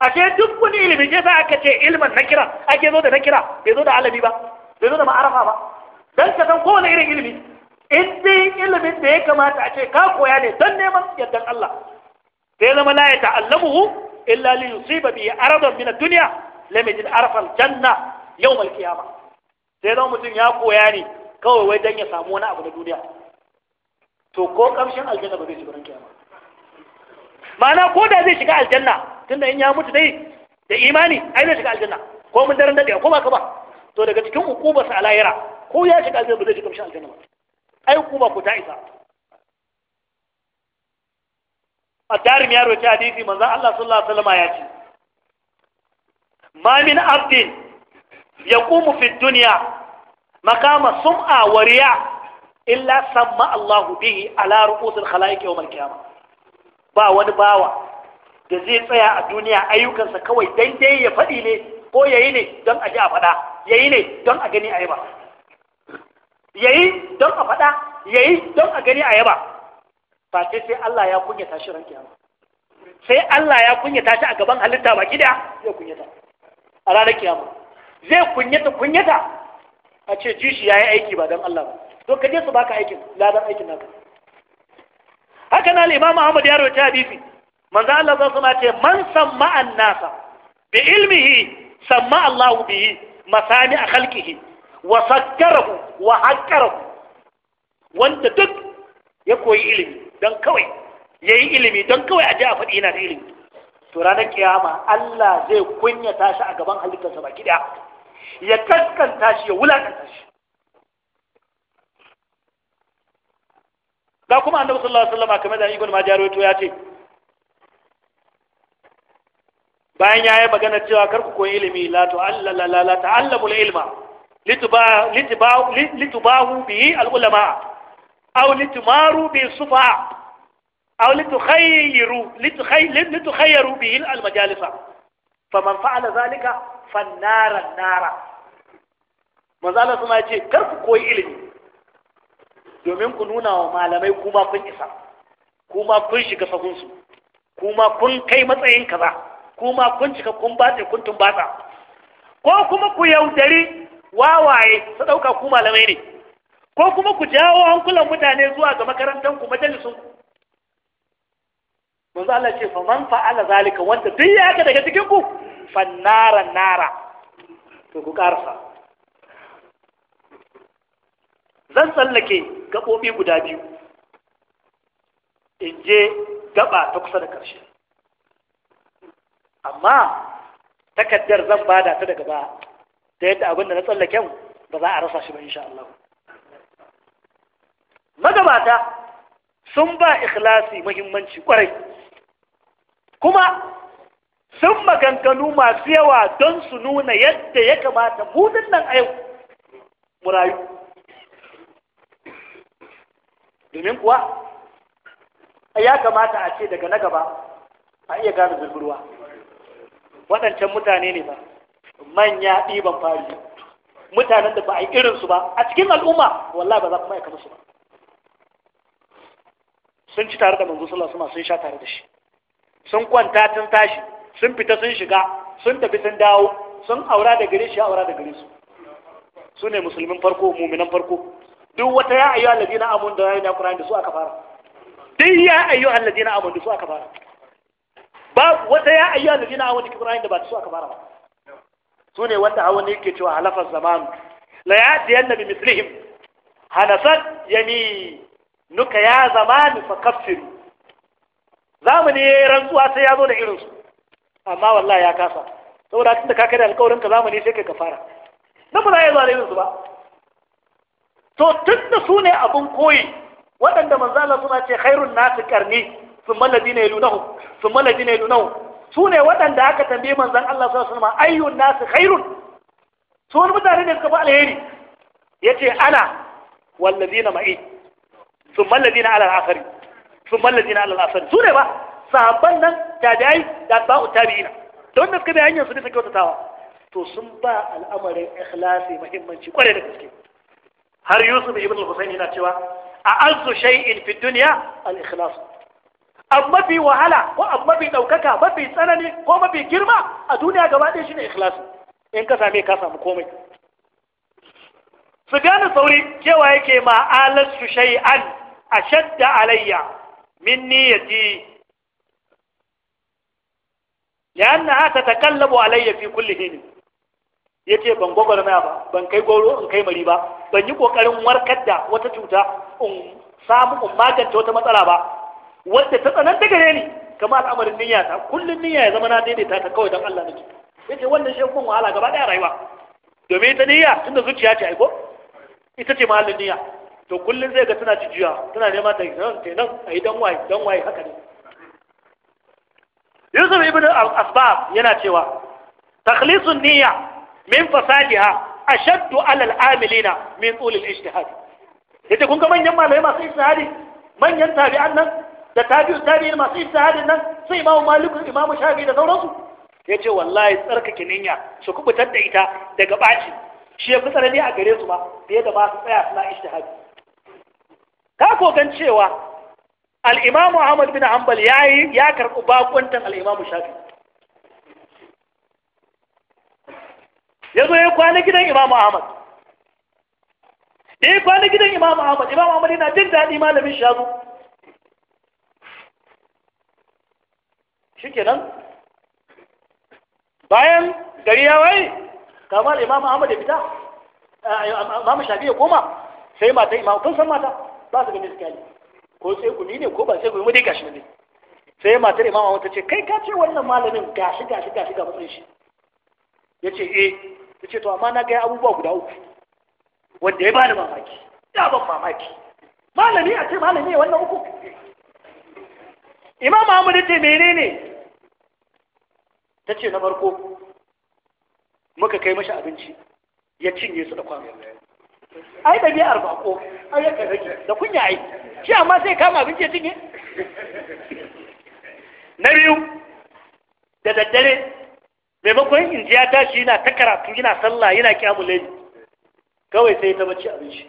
ashe duk wani ilimi ya sa aka ce ilimin na kira ake zo da na kira bai zo da alabi ba bai zo da ma'arafa ba dan ka san kowane irin ilimi in dai ilimin da ya kamata a ce ka koya ne don neman yardan Allah sai zama la ya ta'allamuhu illa li yusiba bihi aradan min ad-dunya lam yajid janna yawm al-qiyamah sai zama mutum ya koya ne kawai wai dan ya samu wani abu na duniya to ko kamshin aljanna ba zai shiga ran kiyama ma'ana ko da zai shiga aljanna tunda in ya mutu dai da imani ai zai shiga aljanna ko mun daren dade ko ba ka ba to daga cikin hukuba sa alayira ko ya shiga aljanna zai shiga aljanna ai hukuma ko ta isa A mi yaro ce hadisi manzo Allah sallallahu alaihi wasallam ya ce ma min abdin yaqumu fi dunya makama sum'a wa riya illa samma Allahu bihi ala ru'usil khalaiqi yawm al-qiyamah ba wani bawa da zai tsaya a duniya ayyukansa kawai daidai ya faɗi ne ko ya yi ne don a ji a faɗa ya yi ne don a gani a yaba ya yi don a faɗa ya yi don a gani a yaba ba sai sai Allah ya kunya tashi ranke ba. sai Allah ya kunya tashi a gaban halitta ba gida zai kunyata a ranar kiyama zai kunyata kunyata a ce ji shi ya yi aiki ba don Allah ba to ka je su baka aikin ladan aikin naka haka na al-Imam Ahmad ya rawaita hadisi manzo Allah zai suna ce man samma annasa bi ilmihi samma Allah bihi masani a khalqihi wa sakkarahu wa hakkarahu wanda duk ya koyi ilimi dan kawai yayi ilimi dan kawai a a faɗi yana da ilimi to ranar kiyama Allah zai kunyata shi a gaban halittarsa baki daya ya kaskanta shi ya wulakanta shi ga kuma annabi sallallahu alaihi wasallam kamar da ibn majaruto rawaito ya ce bayan ya yi magana cewa kar ku koyi ilimi la ta'allala la la ta'allamul ilma litubahu bihi al'ulama aw litumaru bi sufa aw litukhayyiru litukhayyaru bihi al-majalisa faman fa'ala zalika fannara nara manzo Allah kuma yace kar ku koyi ilimi domin ku nuna wa malamai kuma kun isa kuma kun shiga sahunsu kuma kun kai matsayin kaza kuma kun cika kun batse kun tumbatsa ko kuma ku yaudari wawaye su ɗauka ku malamai ne ko kuma ku jawo hankulan mutane zuwa ga makarantar ku majalisun ku manzo Allah ce fa man fa'ala zalika wanda duk ya ka daga cikin ku fannara nara to ku karsa zan tsallake gaɓoɓi guda biyu in je gaɓa ta kusa da ƙarshe amma takaddar zan ba da ta daga ba ta yadda abin da na tsallaken ba za a rasa shi ba insha Allah magabata sun ba ikhlasi muhimmanci kwarai kuma sun maganganu masu yawa don su nuna yadda ya kamata mu nan a yau murayu. domin kuwa ya kamata a ce daga na gaba a iya gane ruwa waɗancan mutane ne ba manya ɗiban fari mutanen da ba a yi irinsu ba a cikin al'umma wallahi ba za kuma aika musu ba sun ci tare da manzo sallallahu alaihi sun sha tare da shi sun kwanta tun tashi sun fita sun shiga sun tafi sun dawo sun aura da gare shi aura da gare su su ne musulmin farko muminan farko duk wata ya ayyu ladina amanu da ya yi Qur'ani da su aka fara duk ya da su aka fara babu wata ya ayyu alladina awani ibrahim da ba su aka fara ba su ne wanda ne yake cewa halafa zaman la yati annabi mislihim hanasat yami nuka ya zamanu fa kaffiru zamani yi rantsuwa sai ya zo da irinsu amma wallahi ya kasa saboda tunda ka kai da alƙawarin ka zamani sai kai kafara na ba za yi zo da irinsu ba to tunda su ne abun koyi waɗanda manzala suna ce khairun nasu karni ثم الذين يلونهم ثم الذين يلونهم sune waɗanda aka tambaye manzon Allah sallallahu alaihi wasallam ayyun nasu khairun su wani mutane ne suka fi alheri yace ana wallazina ma'i thumma allazina ala al-akhari thumma allazina ala al-akhari sune ba sahabban nan tabi'ai da ba'u tabi'ina da wanda suka bi hanyar su ne suke kyautatawa to sun ba al'amarin ikhlasi muhimmanci kwarai da gaske har Yusuf ibn al-Husayn yana cewa a azzu shay'in fi dunya al-ikhlas abu mafi wahala ko abu mafi ɗaukaka mafi tsanani ko mafi girma a duniya gaba ɗaya shi ne ikhlasi in ka same ka samu komai su gane sauri cewa yake ma'alar su an a shadda alayya min niyyati ta tatakallabu alayya fi kulli hin yace ban na ba ban kai goro in kai mari ba ban yi kokarin warkar da wata cuta in samu in maganta wata matsala ba wacce ta tsananta gare ni kama al'amarin niyya ta kullum niyya ya zama na daidaita ta kawai don Allah nake yace wannan shi kun wahala gaba daya rayuwa domin ita niyya tunda zuciya ce aiko ita ce mahallin niyya to kullum zai ga tana jijiya tana neman ta nan ta nan a yi dan waye dan waye haka ne Yusuf ibn al-Asbab yana cewa takhlisun niyya min fasadiha ashaddu ala al-amilina min ulil ijtihad yace kun ga manyan malamai masu ijtihadi manyan tabi'an nan da tabi'u tabi'in masu ijtihadin nan sai imamu maliku imamu shafi da sauransu ya ce wallahi tsarkake niyya su kubutar da ita daga ɓaci shi ya fi tsanani a gare su ma fiye da ba su tsaya suna ijtihadi Ta kogan cewa al'imamu ahmad bin hanbal ya yi ya karɓi bakuntan al'imamu shafi ya zo ya kwana gidan imamu ahmad da ya kwana gidan imamu ahmad imamu ahmad yana jin daɗi malamin shazu shikenan bayan gari ya wai kamar imam ahmad ya fita eh, imam shafi ya koma sai mata imam kun san mata ba su gani iskali ko sai gumi ne ko ba sai gumi dai gashi ne sai matar imam ahmad ta ce kai ka ce wannan malamin gashi gashi gashi ga matsayin shi ya ce eh ya ce to amma na ga abubuwa guda uku wanda ya bani mamaki ya ban mamaki malami a ce malami wannan uku imam ahmad ce menene ta ce na farko muka kai mashi abinci ya cinye su da kwano ai da biyar bako ai ya rage da kunya ai shi amma sai kama abinci ya cinye na biyu da daddare maimakon in ji ya tashi yana ta karatu yana sallah yana kyamu kawai sai ta bacci abinci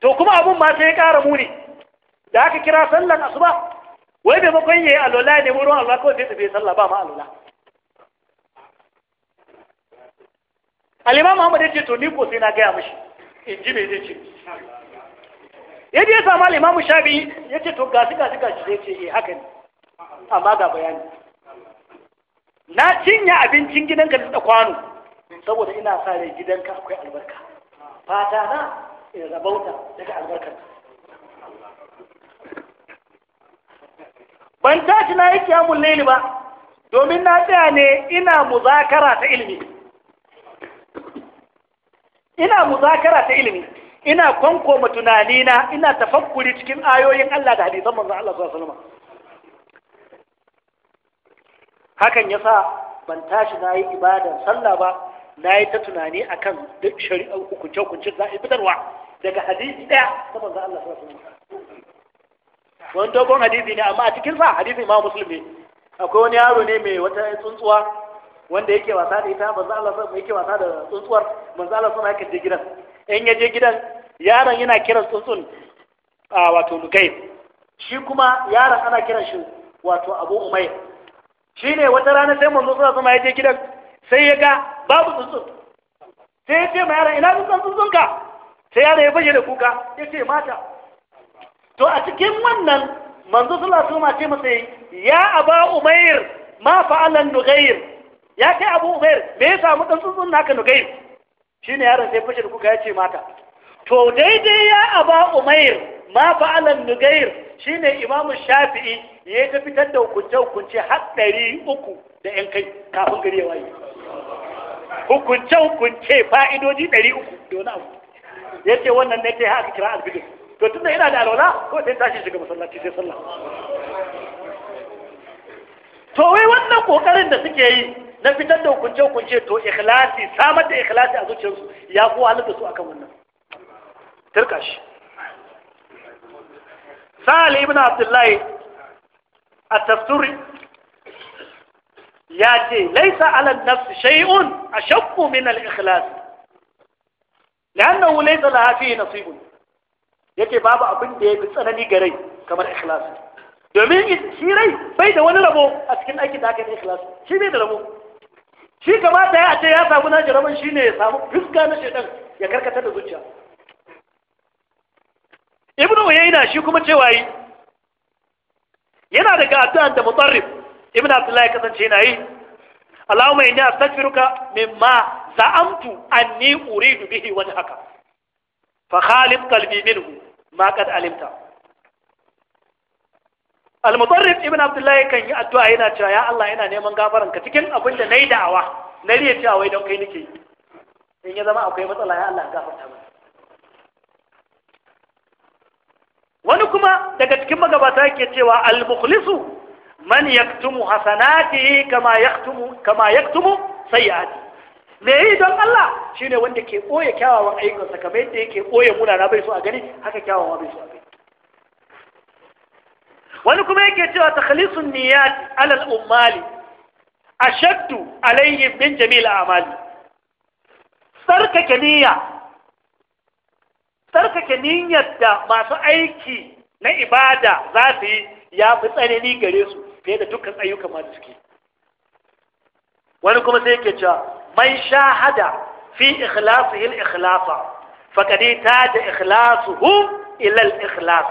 to kuma abun ma sai ya ƙara muni da aka kira sallan asuba wai da makon yi alola ne wurin Allah kawai sai tafiye sallah ba ma alwala Al-Imam ya ce to ni ko sai na gaya mashi, in ji zai ce ya je Alimamu Sha imam ya ce to ga gasi gasi shi ce haka ne amma ga bayani na cinye abincin gidanka da kwano saboda ina sa rai gidanka akwai albarka fata na in rabauta daga albarkarka ban tashi na yi kiyamun laili ba domin na tsaya ne ina muzakara ta ilimi ina muzakara ta ilimi ina tunani na ina tafakkuri cikin ayoyin Allah da hadisan manzon Allah sallallahu alaihi wasallam hakan yasa ban tashi na yi ibadan sallah ba na yi ta tunani akan duk shari'a hukunce-hukunce za a fitarwa daga hadisi ɗaya na manzon Allah sallallahu alaihi wasallam wani dogon hadisi ne amma a cikin sa hadisi ma musulmi akwai wani yaro ne mai wata tsuntsuwa wanda yake wasa da ita manzo Allah sai yake wasa da tsuntsuwar manzo Allah sai yake je gidan in ya je gidan yaron yana kiran tsuntsun a wato lugai shi kuma yaron ana kiran shi wato Abu Shi shine wata rana sai manzo suna zama ya je gidan sai ya ga babu tsuntsun sai ya ce ma yaron ina tsuntsun tsuntsunka sai yaron ya fashe da kuka ya ce mata to a cikin wannan manzo sallallahu alaihi ce masa ya aba umair ma fa'ala nugair ya kai abu umair me ya samu dan tsuntsun naka nugair shine yaron sai fashe kuka ya ce mata to daidai ya aba umair ma fa'ala nugair shine imamu shafi'i ya ta fitar da hukunce hukunce har ɗari uku da yan kai kafin gari ya waye hukunce hukunce fa'idoji ɗari uku da wani abu ya ce wannan ne ta yi haka kira albidin to tunda yana da alwala ko sai tashi shiga masallaci sai sallah to wai wannan kokarin da suke yi na fitar da hukunce hukunce to ikhlasi samar da ikhlasi a zuciyarsu ya ku halin da su akan wannan turka shi sa'al ibn abdullahi at-tafsiri ya ce laisa ala nafsi shay'un ashaqqu min al-ikhlas لأنه ليس لها فيه نصيب yake babu abin da ya fi tsanani ga rai kamar ikhlas domin shi rai bai da wani rabo a cikin aikin da aka yi ikhlas shi bai da rabo shi kamata ya ce ya samu na rabon shi ne ya samu fuska na shaidan ya karkatar da zuciya ibn yana shi kuma cewa yi yana daga addu'an da mutarrif ibn abdullahi kasance yana yi Allahumma inni astaghfiruka mimma za'amtu anni uridu bihi haka? fa khalif qalbi minhu ma alimta al ibn abdullah kan yi addu'a yana cewa ya Allah yana neman gafaran ka cikin abin da nayi da'awa na riya cewa wai don kai nake in ya zama akwai matsala ya Allah gafarta mana wani kuma daga cikin magabata yake cewa al-mukhlisu man yaktumu hasanatihi kama yaktumu kama yaktumu sayyi'ati me yi don Allah Shi ne wanda ke ɓoye kyawawan ayyukansa kamar yadda yake ɓoye munana bai so a gani haka kyawawa bai so a gani wani kuma yake cewa takhlisun niyyat alal ummali ashaddu alayhim min jami'il a'mali sarkake niyya sarkake niyyar da masu aiki na ibada za su yi ya fi tsanani gare su fiye da dukkan ayyukan masu suke wani kuma sai yake cewa man shahada fi ikhlasihi al-ikhlasa faqad taja ikhlasuhu ila al-ikhlas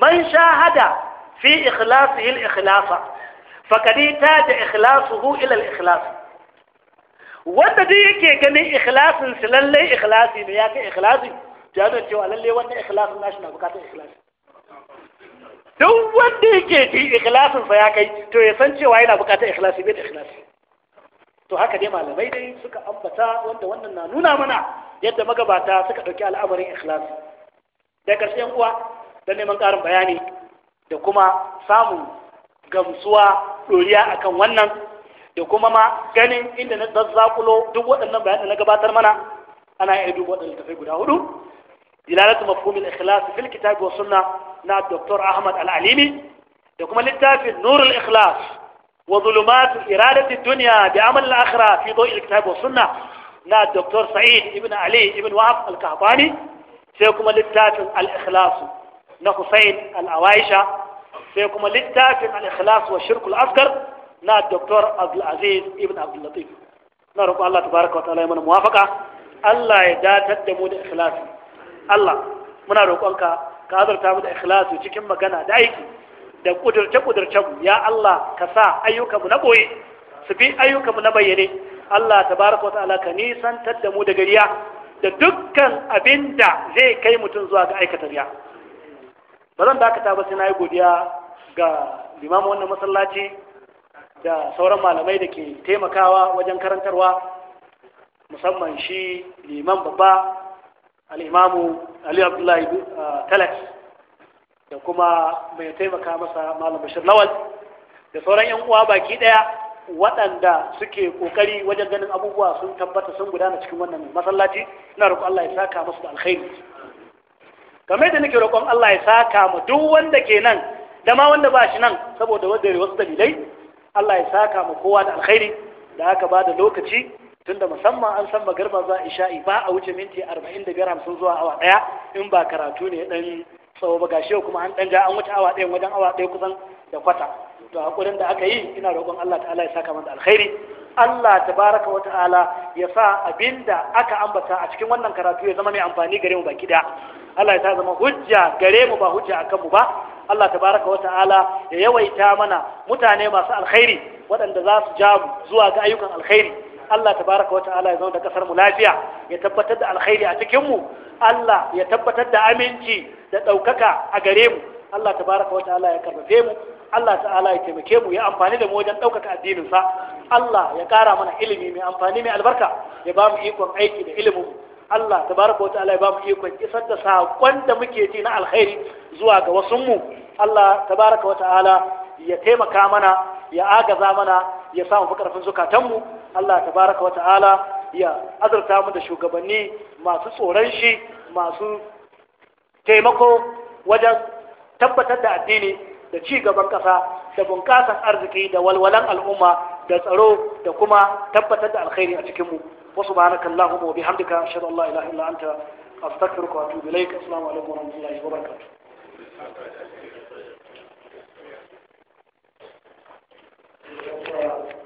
man shahada fi ikhlasihi al-ikhlasa faqad taja ikhlasuhu ila al-ikhlas wanda dai yake ganin ikhlasin su lalle ikhlasi ne ya kai ikhlasi ya cewa lalle wannan ikhlasin nashi na bukatar ikhlasi duk wanda yake ji ikhlasin sa ya kai to ya san cewa yana bukatar ikhlasi bai da ikhlasi to haka dai malamai dai suka ambata wanda wannan na nuna mana yadda magabata suka ɗauki al'amarin ikhlasi da ƙarshen uwa da neman ƙarin bayani da kuma samun gamsuwa ɗoriya akan wannan da kuma ma ganin inda na zazzakulo duk waɗannan bayanan na gabatar mana ana iya duba waɗannan tafai guda hudu dilalatu mafhumil ikhlas fil kitab wa na Dr. Ahmad Al-Alimi da kuma littafin Nurul Ikhlas wa zulumat iradati dunya da amal al-akhirah fi dawi al na Dr. Sa'id ibn Ali ibn Wahab Al-Kahbani sai kuma littafin Al-Ikhlas na Hussein Al-Awaisha sai kuma littafin Al-Ikhlas wa Shirk askar na Dr. Abdul Aziz ibn Abdul na roƙo Allah tabaraka wa ta'ala ya mana muwafaqa Allah ya datar da mu da ikhlasi Allah muna roƙonka ka azurta mu da ikhlasu cikin magana da aiki da kudurce kudurce mu ya Allah ka sa ayyukanmu na boye su bi ayyukanmu na bayyane Allah tabaraka wata'ala ka nisantar da mu da gariya da dukkan abinda zai kai mutum zuwa ga aikata riya ba zan dakata ba sai na yi godiya ga limamin wannan masallaci da sauran malamai da ke taimakawa wajen karantarwa musamman shi liman babba al'imamu ali abdullahi talat uh, da kuma mai taimaka masa malam bashir lawal da sauran yan uwa baki daya waɗanda suke ƙoƙari wajen ganin abubuwa sun tabbata sun gudana cikin wannan masallaci na roƙon Allah ya saka masu da alkhairi kamar da nake roƙon Allah ya saka ma duk wanda ke nan da ma wanda ba shi nan saboda wadda wasu dalilai Allah ya saka ma kowa da alkhairi da aka ba da lokaci tunda musamman an san magarba za isha'i ba a wuce minti arba'in da biyar hamsin zuwa awa ɗaya in ba karatu ne ɗan tsawo ba gashi kuma an ɗan ja an wuce awa ɗaya wajen awa ɗaya kusan da kwata to hakurin da aka yi ina roƙon Allah ta'ala ya saka mana alkhairi Allah tabaraka wa ta'ala ya sa abinda aka ambata a cikin wannan karatu ya zama mai amfani gare mu baki da Allah ya sa zama hujja gare mu ba hujja akan mu ba Allah tabaraka wa ta'ala ya yawaita mana mutane masu alkhairi waɗanda za su ja zuwa ga ayyukan alkhairi Allah tabaraka wata'ala ya da kasar mu lafiya ya tabbatar da alkhairi a cikin mu Allah ya tabbatar da aminci da ɗaukaka a gare mu Allah tabaraka wata'ala ya karfafe mu Allah ta'ala ya taimake mu ya amfani da mu wajen ɗaukaka addininsa Allah ya ƙara mana ilimi mai amfani mai albarka ya ba mu ikon aiki da ilimin Allah tabaraka wata'ala ya ba mu ikon isar da saƙon da muke ji na alkhairi zuwa ga wasunmu Allah tabaraka wata'ala ya taimaka mana ya agaza mana ya samu fi ƙarfin zukatanmu Allah Ta tabaraka wata'ala ya azurta mu da shugabanni masu tsoron shi masu taimako wajen tabbatar da addini da ci gaban ƙasa da bunƙasar arziki da walwalan al'umma da tsaro da kuma tabbatar da alkhairi a cikinmu wa subhanaka allahumma wa bihamdika ashhadu an la ilaha illa anta astaghfiruka wa atubu ilaik assalamu alaikum wa rahmatullahi wa barakatuh